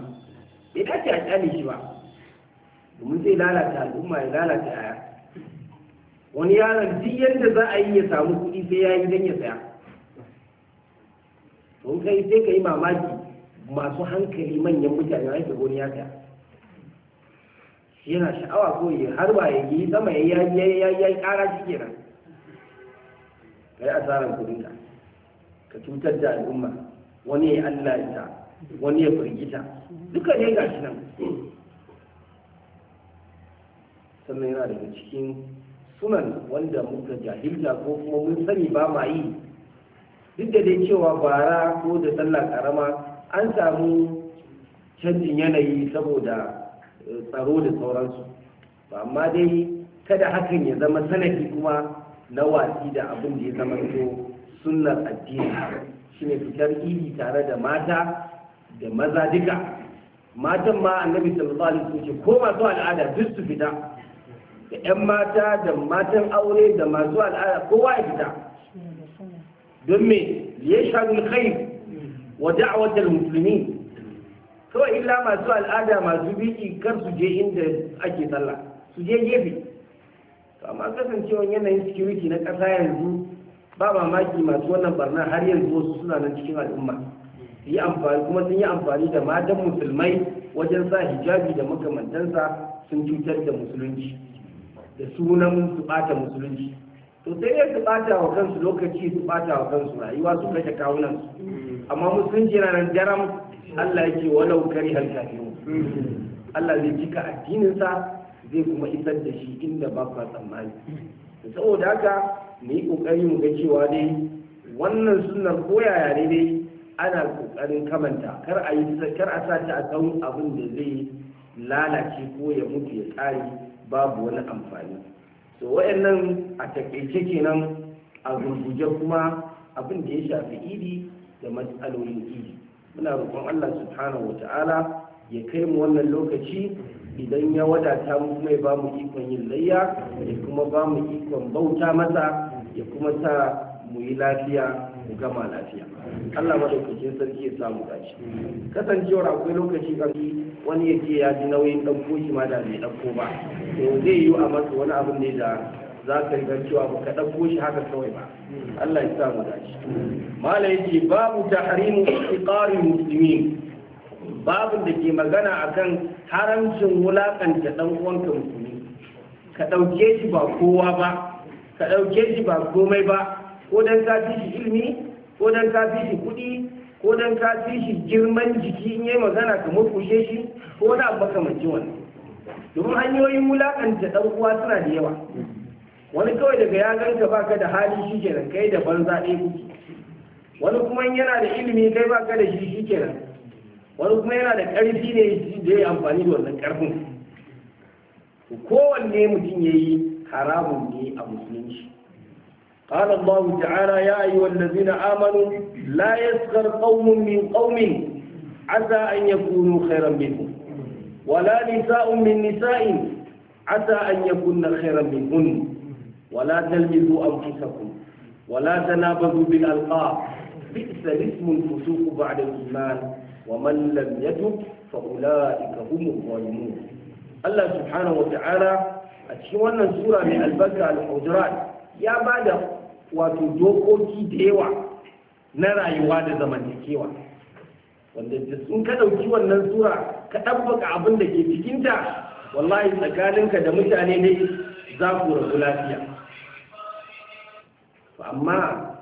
S1: bai dace a kyale shi ba domin zai lalata al'umma ya lalata yaya wani yaron duk yadda za a yi ya samu kuɗi sai ya yi don ya saya in kai sai ka yi mamaki masu hankali manyan mutane ake wani ya saya yana sha'awa ko yi har ba ya yi sama ya yi ƙara shi nan ka yi asarar kuɗinka ka cutar da al'umma wani ya yi allah ita wani ya firgita duka ne ga shi nan sannan yana daga cikin sunan wanda muka jahilta ko kuma mun sani ba ma yi duk da dai cewa bara ko da sallah karama an samu canjin yanayi saboda eh, tsaro da sauransu ba amma dai kada hakan ya zama sanadi kuma na watsi da abin da ya zama to sunnar addini shine fitar idi tare da mata da maza duka matan ma annabi sallallahu alaihi wasallam ko masu al'ada duk su fita da 'yan mata da matan aure da masu al'ada kowa ya fita don me ya shaɗu kai wa da'awatar musulmi kawai illa masu al'ada masu biki kar su je inda ake sallah su je gefe amma kasancewar yanayin security na ƙasa yanzu ba mamaki masu wannan barna har yanzu wasu suna nan cikin al'umma yi amfani kuma sun yi amfani da matan musulmai wajen sa hijabi da makamantansa sun cutar da musulunci da sunan su bata musulunci to sai ya su wa kansu lokaci su bata wa kansu rayuwa su kashe kawunan su amma musulunci yana nan jaram Allah yake walau kari halkafiyu Allah zai cika addininsa zai kuma isar da shi inda ba kwa tsammani saboda haka mu yi kokari mu ga cewa dai wannan sunnar koyaya ne dai ana kokarin kamanta kar a yi kar a sace a tsawon abin da zai lalace ko ya mutu ya tsari babu wani amfani so wayannan a takaice kenan a gurguje kuma abin da ya shafi idi da matsalolin idi muna roƙon Allah subhanahu wata'ala ya kai mu wannan lokaci idan ya wadata mu kuma ya bamu ikon yin layya ya kuma bamu ikon bauta masa ya kuma sa mu yi lafiya mu gama lafiya Allah madaukakin sarki ya samu dace kasancewar akwai lokaci kafi wani ya ce ya ji nauyin ɗauko shi ma da bai ɗauko ba to zai yi a masa wani abin ne da za ka riga cewa ba ka ɗauko shi haka kawai ba Allah ya samu dace mala yace babu tahrimu iqari muslimin babin da ke magana akan haramcin wulakanta dan uwanka musulmi ka ɗauke shi ba kowa ba ka ɗauke shi ba komai ba ko don ka fi shi ilimi ko don ka fi shi kudi ko don ka fi shi girman jiki in yi magana ka murkushe shi ko wani abu makamancin wani domin hanyoyin wulaƙanta ɗan uwa suna da yawa wani kawai daga ya ganka baka da hali shi kenan kai da banza ɗaya kuke wani kuma yana da ilimi kai baka da shi shi kenan wani kuma yana da ƙarfi ne da ya amfani da wannan ƙarfin kowanne mutum ya yi haramun ne a musulunci قال الله تعالى يا أيها الذين آمنوا لا يسخر قوم من قوم عسى أن يكونوا خيرا منهم ولا نساء من نساء عسى أن يكون خيرا منهن ولا تلمزوا أنفسكم ولا تنابذوا بالألقاب بئس الاسم الفسوق بعد الإيمان ومن لم يتب فأولئك هم الظالمون الله سبحانه وتعالى أتشوى أن السورة من البكرة الحجرات يا بعد wato dokoki da yawa na rayuwa da zamantakewa wanda sun ka ɗauki wannan sura ka ɗabbaka abin da ke cikinta wallahi tsakaninka da mutane ne za ku rabu lafiya amma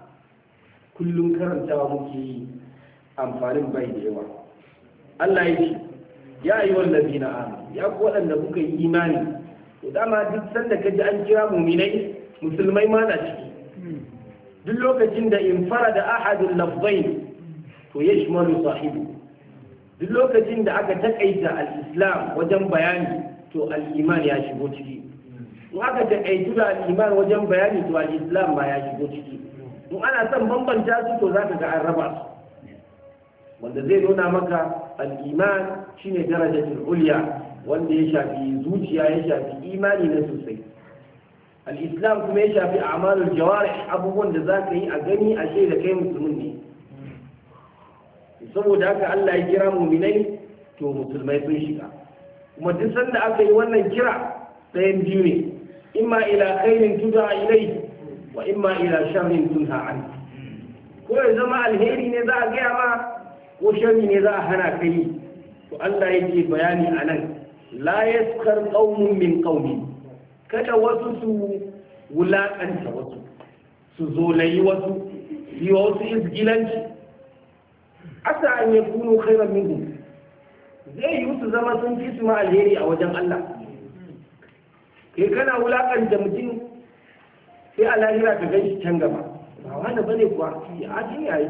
S1: kullum karantawa muke yi amfanin bai da yawa Allah ya ya yi wallazi na amu ya ku waɗanda kuka yi imani to dama duk sanda ka ji an kira muminai musulmai ma na ciki duk lokacin da in fara da Ahadin lafzai to ya shimalu sahibu duk lokacin da aka taƙaita al'islam wajen bayani to al'iman ya shigo ciki in aka taƙaitu da al'iman wajen bayani to al'islam ba ya shigo ciki in ana son bambanta su to za ka ga an raba su wanda zai nuna maka al'iman shine darajar ulya wanda ya shafi zuciya ya shafi imani na sosai al'islam kuma ya shafi amalul jawar abubuwan da za ka yi a gani a da kai musulmin ne saboda haka allah ya kira muminai to musulmai sun shiga kuma duk sanda aka yi wannan kira ɗayan biyu ne imma ila khairin a ilai wa imma ila sharrin tunha an ko ya zama alheri ne za a gaya ma ko sharri ne za a hana ka yi to allah ya yake bayani a nan la yaskar qaumun min qaumin kada wasu su wulaƙanta wasu su zolayi wasu yi wa wasu izgilanci asa an ya kuno kairan mugu. zai yi su zama sun fi su alheri a wajen Allah kai kana wulaƙanta mutum sai a lahira ka gan shi can gaba ba wani ne kuwa ya ajin yayi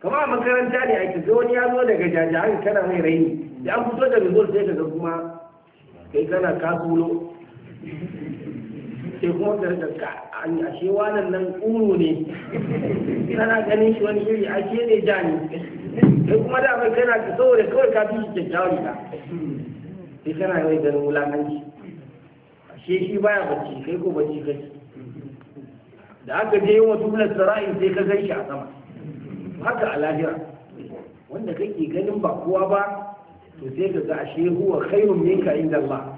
S1: kama a makaranta ne ake ga wani ya zo daga jajahan kana mai raini da an fito da result sai ka ga kuma kai kana kasulo sai kuma gargarka ashe wanan nan kuru ne kana ganin shi wani iri ashe ne jani kai sai kuma da kai kana ka saboda kawai ka fi shi kyakkyawan ka sai kana yawai ganin wulananci ashe shi baya bacci kai ko bacci kai da aka je wasu tublar sara'i sai ka gan shi a sama haka a lahira wanda kake ganin ba kowa ba to sai ka ga ashe huwa khairun minka inda Allah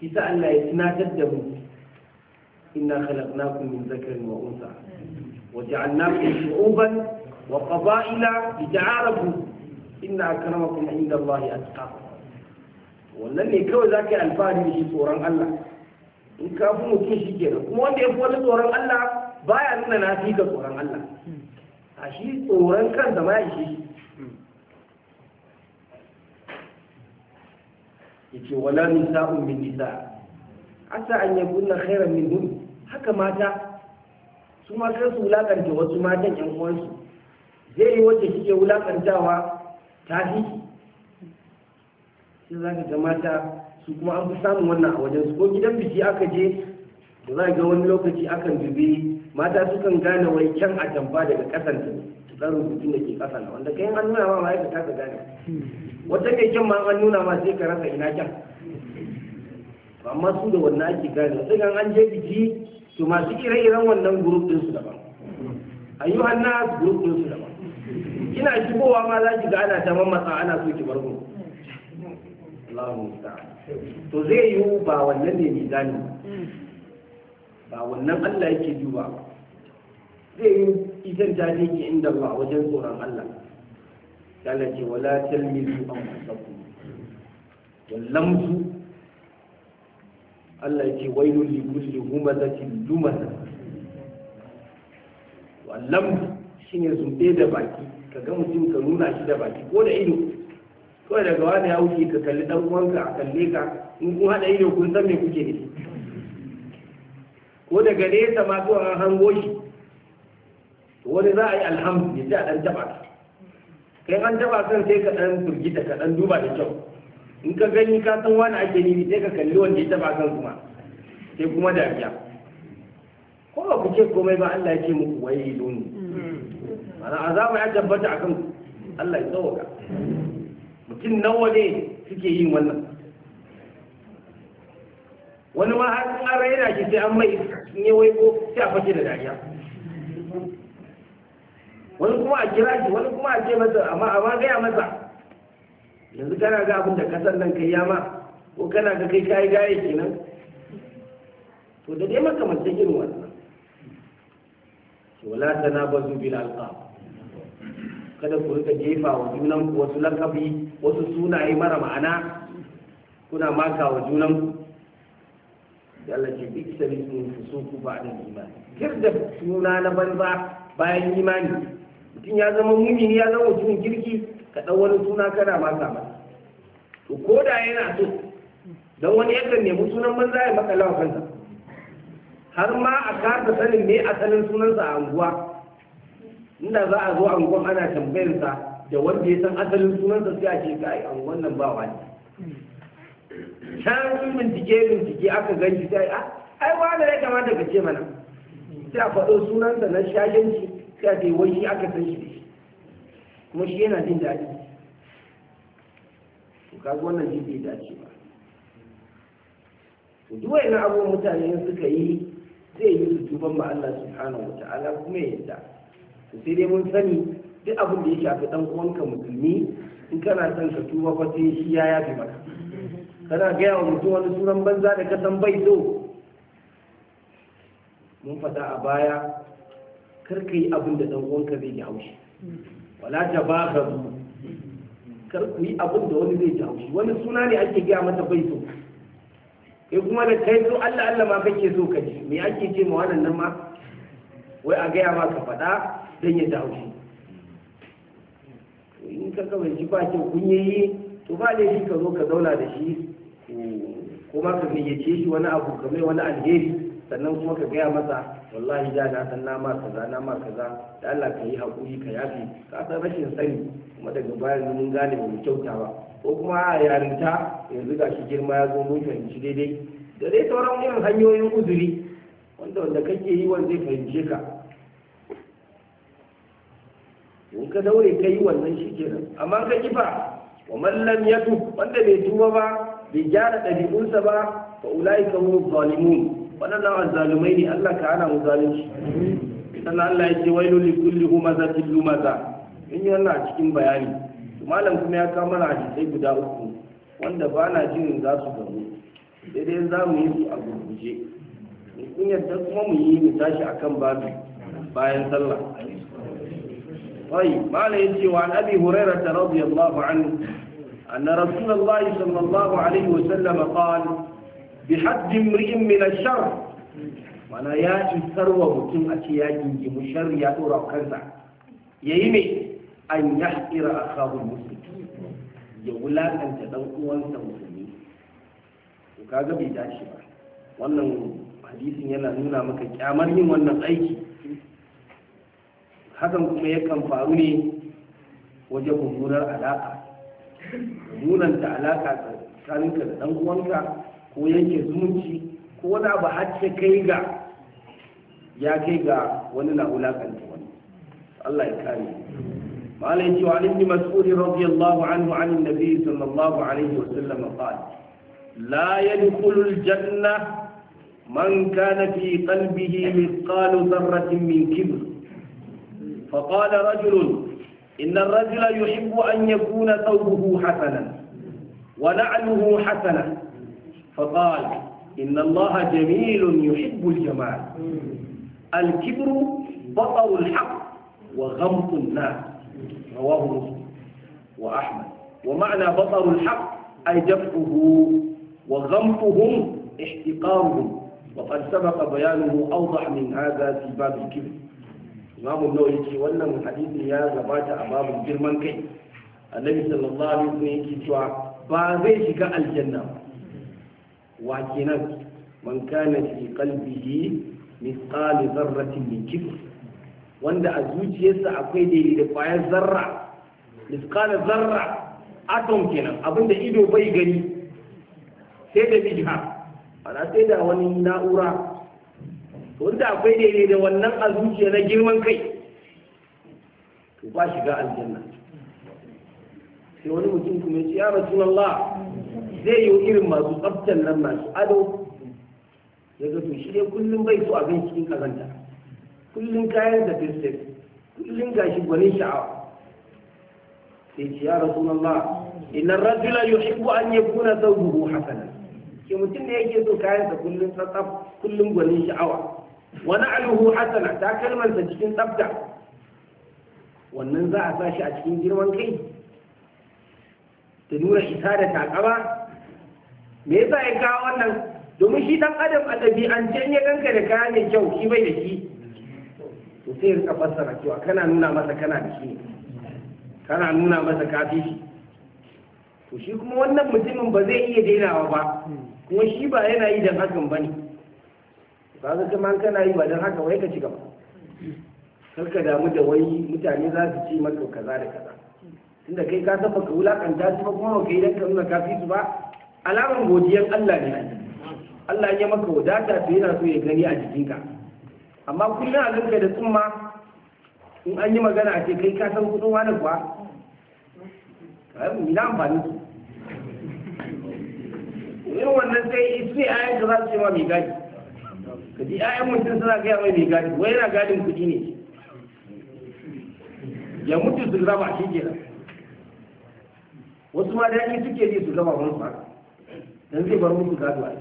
S1: kisa Allah ya tunatar da mu inna khalaqnakum min dhakarin wa unsa wa ja'alnakum shu'uban wa qaba'ila lita'arafu inna akramakum inda Allah atqakum wannan ne kawai za ka yi alfahari da shi tsoron Allah in ka fi mutum shi kenan kuma wanda ya fi wani tsoron Allah baya nuna na fi ka tsoron Allah a shi tsoron kan da ma ya shi yace wala nisa'un min nisa asa an yakunna khairan minhum haka mata su ma kar su wulakanta wasu matan yan uwansu zai yi wacce kike wulakantawa ta fi sai za ka ga mata su kuma an fi samun wannan a wajen su ko gidan biki aka je da za ga wani lokaci akan dubi mata sukan gane wai can a tamfa daga kasan ta su ɗan rubutun da ke na wanda kai an nuna ma ta ka gane wata kai can ma an nuna ma sai ka rasa ina can amma su da wannan ake gane sai kan an je biki to masu ire-iren wannan group din su daban ayyuhan nas group din su daban kina shigowa ma za ki ga ana ta mammatsa ana so ki bar mu Allahu to zai yiwu ba wannan ne mizani ba wannan Allah yake duba ba. zai yi idan ta ki inda ba wajen tsoron Allah Allah ce wala talmizu an fasaku wallamzu Allah ce wailul li kulli humazatin lumazah wallamzu shine zumbe da baki ka ga mutum ka nuna shi da baki ko da ido da daga da ya wuce ka kalli dan uwanka a kalle ka in kun hada ido kun san me kuke ne ko daga nesa ma zuwa an hango shi to wani za a yi alhamdu ya ce a ɗan taɓa ta kai an taɓa kan sai ka ɗan firgita ka ɗan duba da kyau in ka gani ka san wani ake nini sai ka kalli wanda ya taɓa kan kuma sai kuma dariya ko ba ku ce komai ba Allah ya ce muku wai duni. ana azaba ya tabbata akan ku Allah ya tsawaka mutum nawa ne suke yin wannan wani ma har an raina shi sai an mai in ya waiko sai a fashe da dariya wani kuma a kira shi wani kuma a ce masa amma amma gaya masa yanzu kana ga abin da kasar nan kai yama ko kana ga kai kayi gaye kenan to da dai mace irin wannan wala tana bazu bil alqa kada ku rika jefa wa junan ku wasu lakabi wasu sunaye mara ma'ana kuna maka wa junan ku da Allah ce bi sabisin fusuku ba'da iman kirda suna na banza bayan imani mutum ya zama mumini ya zama mutumin kirki ka ɗan wani suna kana masa ba to ko da yana so don wani yakan nemi sunan banza ya makala wa kansa har ma a kasa sanin me asalin sunansa a anguwa inda za a zo anguwan ana tambayarsa da wanda ya san asalin sunansa sai a ce ka yi anguwan nan ba wani can bincike bincike aka ganci sai a ah, ai wani ya kamata ka ce mana sai a faɗo sunansa na shagenci ta ce wai shi aka san shi kuma shi yana jin daɗi to kaga wannan jin bai dace ba to duk wa'annan abubuwan mutane suka yi zai yi su tuban ma Allah subhanahu wa kuma yadda to sai dai mun sani duk abin da ya shafi dan uwanka musulmi in kana son ka tuba ba sai shi ya yafi maka kana gaya wa mutum wani sunan banza da ka san bai so mun fada a baya kar ka yi abin da ɗan'uwanka zai ji haushi wala ta ba ka zu kar ku yi abin da wani zai ji haushi wani suna ne ake gaya mata bai so kai kuma da kai so allah allah ma kake so ka ji me ake ce ma wannan nan ma wai a gaya ma ka faɗa don ya ji haushi in ka kawai shi ba kyau kun yi to ba laifi ka zo ka zauna da shi kuma ka gayyace shi wani abu ka wani alheri sannan kuma ka gaya masa wallahi da na san nama kaza nama kaza da Allah ka yi hakuri ka yafi ka san rashin sani kuma daga bayan mun gane mu kyauta ba ko kuma a yarinta yanzu shi girma ya zo mun fahimci daidai da dai sauran irin hanyoyin uzuri wanda wanda kake yi wanda zai fahimce ka in ka daure ka yi wannan shi kenan amma ka kifa wa mallam ya wanda bai tuba ba bai gyara ɗabi'unsa ba fa ulaika hum zalimun waɗannan azzalumai ne Allah ka ana mu zalunci sannan Allah ya ce wailu li kulli humazatin lumaza in yi wannan a cikin bayani malam kuma ya kawo mana hadisai guda uku wanda ba na jin za su gano. daidai za mu yi su a gurguje kun yadda kuma mu yi mu tashi a kan babu bayan sallah طيب ما لا يجي وعن أبي هريرة رضي الله عنه أن رسول الله صلى الله عليه وسلم قال bi haddin ri'in min mana ya isar wa mutum a ce ya gingimu sharri ya dora kansa yayi me an a akhahu muslim ya wulakanta dan uwansa musulmi to kaga bai dace ba wannan hadisin yana nuna maka kyamar yin wannan aiki hakan kuma yakan faru ne wajen mummunar alaka mummunanta alaƙa tsakaninka da ɗan uwanka ko yanke zumunci ko wani abu har kai ga ya kai ga wani na wulakanta wani Allah ya kare malai cewa an ibn mas'ud radiyallahu anhu an annabi sallallahu alaihi wa sallam qala la yadkhulu al-janna man kana fi qalbihi mithqalu dharratin min kibr فقال رجل إن الرجل يحب أن يكون ثوبه حسنا ونعله حسنا فقال إن الله جميل يحب الجمال الكبر بطر الحق وغمط الناس رواه مسلم وأحمد ومعنى بطر الحق أي دفعه وغمطهم احتقارهم وقد سبق بيانه أوضح من هذا في باب الكبر إمام النووي wannan ولا من حديث يا babin أباب الجرمان كي النبي صلى الله عليه وسلم ba zai shiga الجنة wa kenan man kana fi qalbihi mithqal dharratin min kibr wanda a zuciyarsa akwai daidai da kwayar zarra mithqal zarra atom kenan abinda ido bai gani sai da bidha ana sai da wani na'ura wanda akwai daidai da wannan a zuciya na girman kai to ba shiga aljanna sai wani mutum kuma ya ce ya rasulullah zai yi irin masu tsaftan nan masu ado ya ga to shi ne kullum bai so abin cikin kazanta kullum kayan da firsir kullum gashi gwanin sha'awa sai ce sunan rasulullah inna rajula yuhibbu an yi kuna yakuna thawbuhu hasanan ke mutum da yake so kayan sa kullum tsatsaf kullum gwanin sha'awa wani aluhu hasana ta kalmarsa cikin tsafta wannan za a sa shi a cikin girman kai ta nuna isa da takaba me yasa ya kawo wannan domin shi dan adam a ɗabi'ance in ya ganka da kaya mai kyau shi bai da shi to sai ya rika fassara cewa kana nuna masa kana da shi kana nuna masa kafi shi to shi kuma wannan mutumin ba zai iya dainawa ba kuma shi ba yana yi don hakan ba ne ba ga kuma kana yi ba don haka wai ka ci gaba kar ka damu da wai mutane za su ci maka kaza da kaza tunda kai ka saba ka wulakanta su ba kuma ba kai dan ka nuna kafi su ba alaman godiyar Allah ne Allah ya maka wadata to yana so ya gani a jikinka amma kullum a ganka da tsumma in an yi magana a ce kai ka san kudin wani kuwa ina amfani yin wannan sai ne ayan ka za su ce ma mai gadi ka ji ayan mutum suna gaya mai mai gadi wai yana gadin kudi ne ya mutu su raba shi kenan wasu ma daɗi suke ji su raba wani fara dan zai bar musu gado a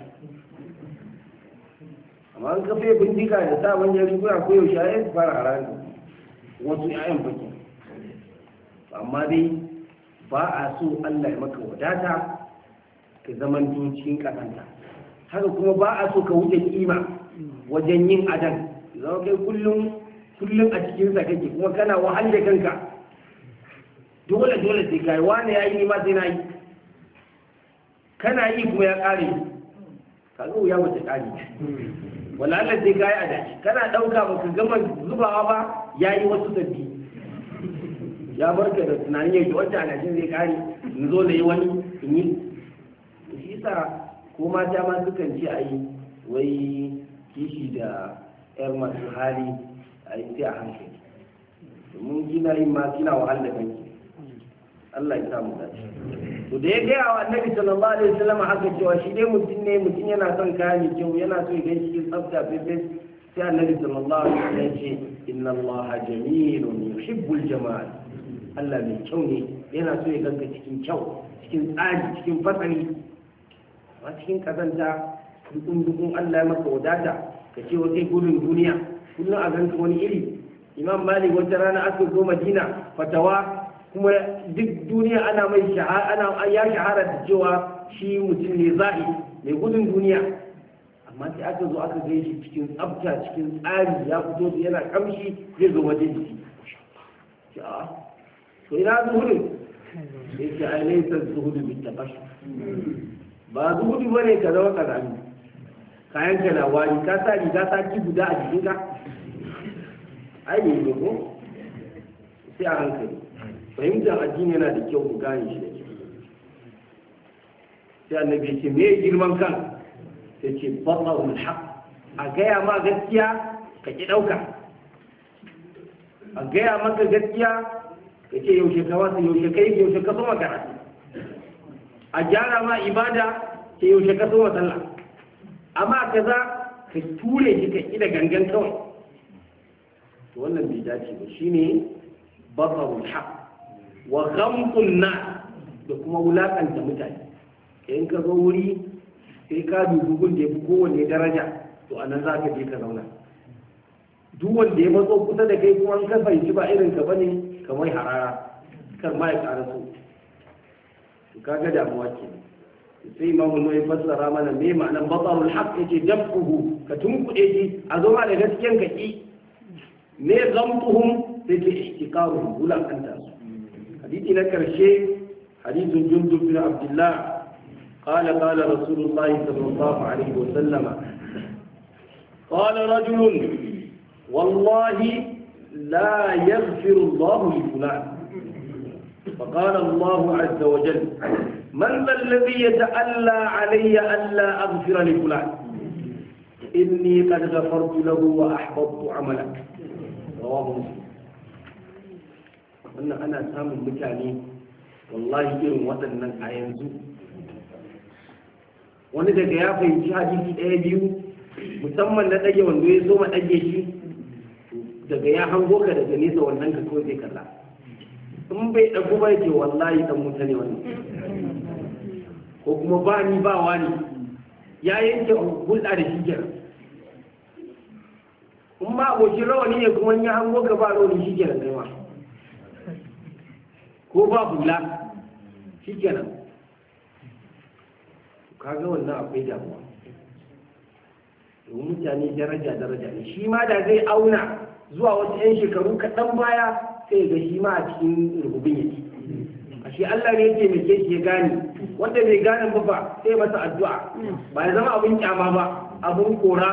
S1: amma an kafe bindiga da sa manyan kuna ko yaushe a yanzu fara harari wasu 'ya'yan bakin amma dai ba a so Allah ya maka wadata ka zaman cikin kasanta haka kuma ba a so ka wuce kima wajen yin adan zama kai kullum kullum a cikin sa kake kuma kana wahal da kanka dole dole sai kai wani yi ni ma sai na yi kana yi kuma ya ƙare zo ya wuce kare wala Allah zai a dace kana ɗauka ba ka gama zubawa ba yayi yi wasu dabi ya barka da tunani ya ji wata alhajin zai kare in zo na yi wani in yi shi sa ko mata ma sukan ci a yi wai kishi da yar masu hali a yi sai a hankali mun kina yin ma kina wahala da kanki Allah ya samu dace to da ya gaya wa annabi sallallahu alaihi wasallam haka cewa shi dai mutum ne mutum yana son kaya mai kyau yana so ya gan shi tsafta fefes sai annabi sallallahu alaihi wasallam ya ce inna Allah jamilun yuhibbul jamal Allah mai kyau ne yana so ya ganka cikin kyau cikin tsari cikin fatsari a cikin kazanta dukun dukun Allah ya maka wadata ka ce wa kai gudun duniya kullum a ganka wani iri imam malik wata rana aka zo madina fatawa kuma duk duniya ana mai ana ya shahara da cewa shi mutum ne za'i mai gudun duniya amma sai aka zo aka gai shi cikin tsafta cikin tsari ya fito da yana kamshi zai zo wajen jiki to ina zuhurin sai ce a laisa zuhudu bi tabash ba zuhudu ne ka zama kazami kayan ka na wari ka sa riga ta ki guda a jikinka ai ne ko sai a hankali fahimtar addini yana da kyau mu gane shi da kyau sai annabi ce me girman kan ta ce batsahul haq a gaya ma gaskiya ka ƙi ɗauka a gaya maka gaskiya ka ce yaushe ka wasu yaushe kai yaushe ka so rasu a gyara ma ibada ke yaushe ka so sallah amma kaza ka ture shi ka ƙi da gangan kawai wannan bai dace ba shine batsahul haq wa ghamtun na da kuma wulakanta mutane in ka zo wuri sai ka dubi gun da ya fi kowanne daraja to anan za ka je ka zauna duk wanda ya matso kusa da kai kuma ka fahimci ba irin ka bane kamar harara kan ma ya ƙara so to ga damuwa ke sai imamu noyi fassara mana me ma'anar batarul haqq yake dabbuhu ka tunkuɗe shi a zo da gaskiyan ka ƙi me zamtuhum sai ke ihtiqaruhum wulakanta حديث لك الشيء حديث جند بن عبد الله قال قال رسول الله صلى الله عليه وسلم قال رجل والله لا يغفر الله لفلان فقال الله عز وجل من ذا الذي يتألى علي ألا أغفر لفلان إني قد غفرت له وأحببت عملك رواه مسلم wannan ana samun mutane wallahi irin waɗannan a yanzu wani daga ya fahimci hadisi ɗaya biyu musamman na ɗage wando ya zo ma ɗage shi daga ya hango ka daga nesa wannan ka kawai zai kalla in bai ɗagu ba yake wallahi ɗan wuta ne wannan ko kuma ba ni ba wani ya yanke hulɗa da shi kenan in ma abokin rawani ne kuma ya hango ka ba rawani shi kenan kai ma ko ba hula shi kenan kaga wannan akwai damuwa domin mutane daraja daraja ne shi ma da zai auna zuwa wasu 'yan shekaru kaɗan baya sai ga shi ma a cikin rububin yake a shi Allah ne yake mai shi ya gane wanda bai gane ba ba sai masa addu'a ba ya zama abin kyama ba abin kora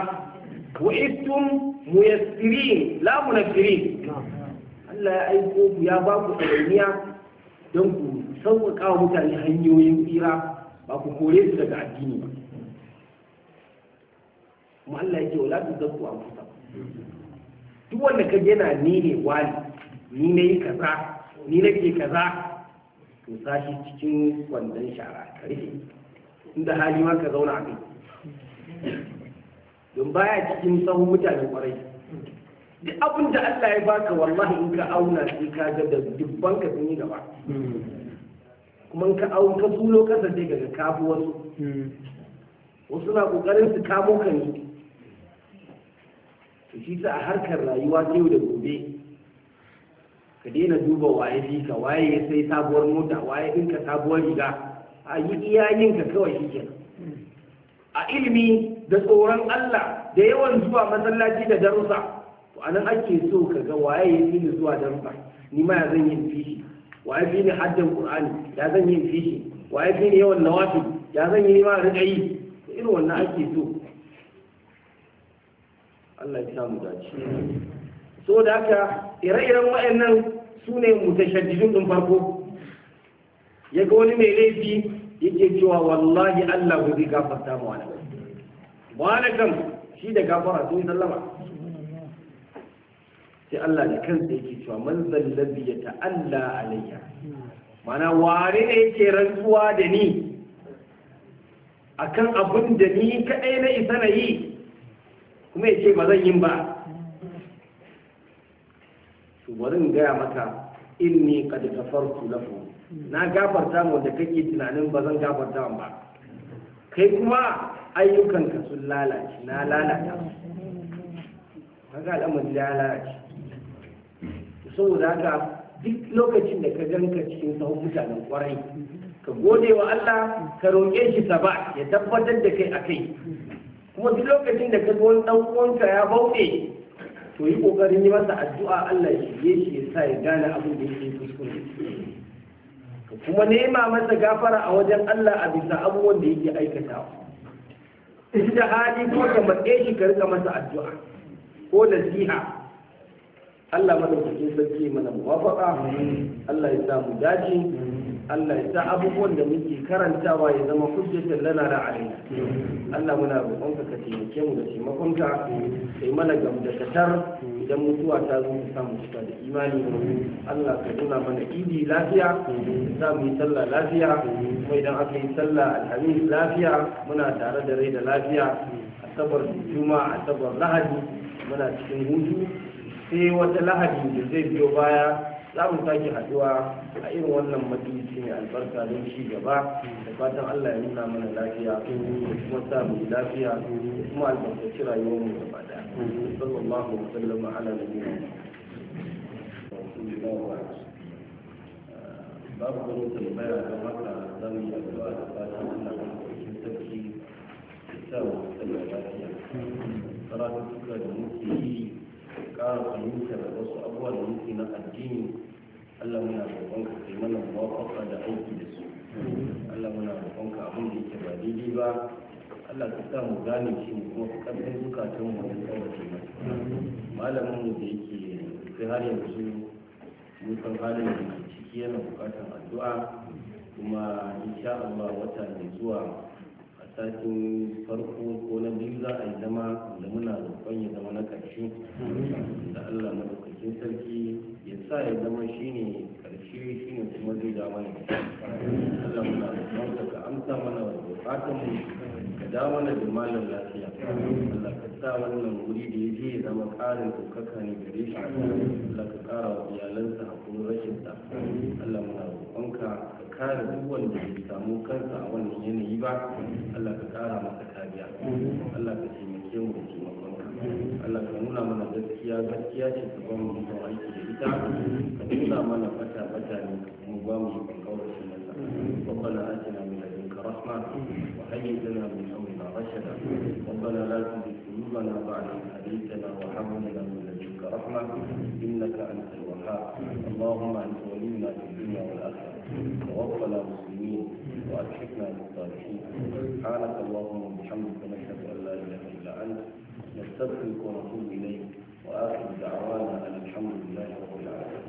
S1: wa ittum muyassirin na firin. Allah ya aiko ku ya ba ku tsaraniya don ku sauƙaƙa wa mutane hanyoyin tsira ba ku kore su daga addini ba kuma Allah yake wala tu zakku mutum duk wanda ka gina ni ne wani ni na yi kaza ni ke kaza to sashi cikin kwandon shara ka rufe inda hali ma ka zauna a kai don baya cikin sahun mutane kwarai duk abin da Allah ya baka wallahi in ka auna sai ka ga da dubban ka sun yi gaba kuma in ka auna ka tulo ka sai ga kafu wasu wasu na kokarin su kamo ka yi. to shi sa a harkar rayuwa ta yau da gobe ka daina duba waye fi ka waye ya sai sabuwar mota waye in ka sabuwar riga a yi iyayen ka kawai shi kenan a ilimi da tsoron Allah da yawan zuwa masallaci da darusa. to anan ake so ka ga waye ya fi zuwa ba ni ma ya zan yi fishi waye fi ni haddan qur'ani ya zan yi fishi waye fi ni yawan nawafil ya zan yi ma rika yi irin wannan ake so Allah ya samu dace so da haka ire-iren wayannan su ne mutashaddidin din farko ya ga wani mai laifi yake cewa wallahi Allah ya gafarta mu wani wa alaikum kan shi da gafara sun sallama sai Allah da kansa yake cewa man zallabi ya ta'alla alayya mana ware ne yake rantsuwa da ni akan abun da ni kadai na isa na yi kuma ya ce ba zan yin ba to bari gaya maka inni qad kafartu lahu na gafarta mu da kake tunanin ba zan gafarta ba kai kuma ayyukanka sun lalace na lalata kaga al'amari ya lalace saboda haka duk lokacin da ka ganka cikin sahun mutanen kwarai ka gode wa Allah ka roƙe shi saba ya tabbatar da kai akai kuma duk lokacin da ka ga wani ya bauɗe to yi kokarin yi masa addu'a Allah ya shi ya sa ya gane abin da yake kuskure kuma nema masa gafara a wajen Allah a bisa abubuwan da yake aikatawa da hali ko ka matse shi ka rika masa addu'a ko nasiha Allah madaukakin sarki mana muwafaqa Allah ya sa mu dace Allah ya sa abubuwan da muke karantawa ya zama hujjatar lana da alaina Allah muna roƙonka ka taimake mu da taimakonka kai mana gamdakatar idan mutuwa ta zo mu samu cika da imani Allah ka nuna mana idi lafiya za mu yi sallah lafiya kuma idan aka yi sallah alhamis lafiya muna tare da rai da lafiya asabar juma'a asabar lahadi muna cikin hutu sai wata lahadi da zai biyo baya za mu sake haduwa a irin wannan majalisi mai albarka don ci gaba da fatan Allah ya nuna mana lafiya da kuma sa mu lafiya da kuma albarkaci rayuwar mu gaba daya sallallahu alaihi wa sallam ala nabiyina
S2: babu wani tambaya ga maka za mu yi addu'a da fatan Allah ya kwakin sarki da sa mu lafiya
S1: karatu da muke yi ƙara fahimtar wasu abubuwa da muke na addini Allah muna roƙon ka kai mana muwafaqa da aiki da su Allah muna roƙon ka abin da yake ba daidai ba Allah ka sa mu gane shi mu kuma ƙarfin zukatan mu wajen tsawace masa malamin mu da yake sai har yanzu mun san halin da ke ciki yana buƙatar addu'a kuma insha Allah wata mai zuwa sakin farko ko na biyu za a yi zama da muna roƙon ya zama na ƙarshe da Allah madaukakin sarki ya sa ya zama ne ƙarshe ne kuma zai da mana Allah muna roƙon ka amsa mana wa bukatun mu ka da mana da malam lafiya Allah ka sa wannan wuri da ya je ya zama ƙarin ɗaukaka ne gare shi Allah ka ƙara wa iyalansa hakurin rashin sa Allah muna roƙon ka kare duk wanda bai samu kansa a wannan yanayi ba Allah ka kara masa kariya Allah ka taimake mu da taimakon Allah ka nuna mana gaskiya gaskiya ce ka ba mu mutum aiki da ita ka nuna mana fata fata ne mu ba mu kankawar shi masa ربنا آتنا من لدنك رحمة وهيئ لنا من أمرنا رشدا ربنا لا تزغ قلوبنا بعد إذ هديتنا وهب لنا من لدنك رحمة إنك أنت الوهاب اللهم أنت ولينا في الدنيا والآخرة توفنا المسلمين وألحقنا للصالحين سبحانك اللهم وبحمدك نشهد أن لا إله
S2: إلا أنت نستغفرك ونتوب إليك وآخر دعوانا أن الحمد لله رب العالمين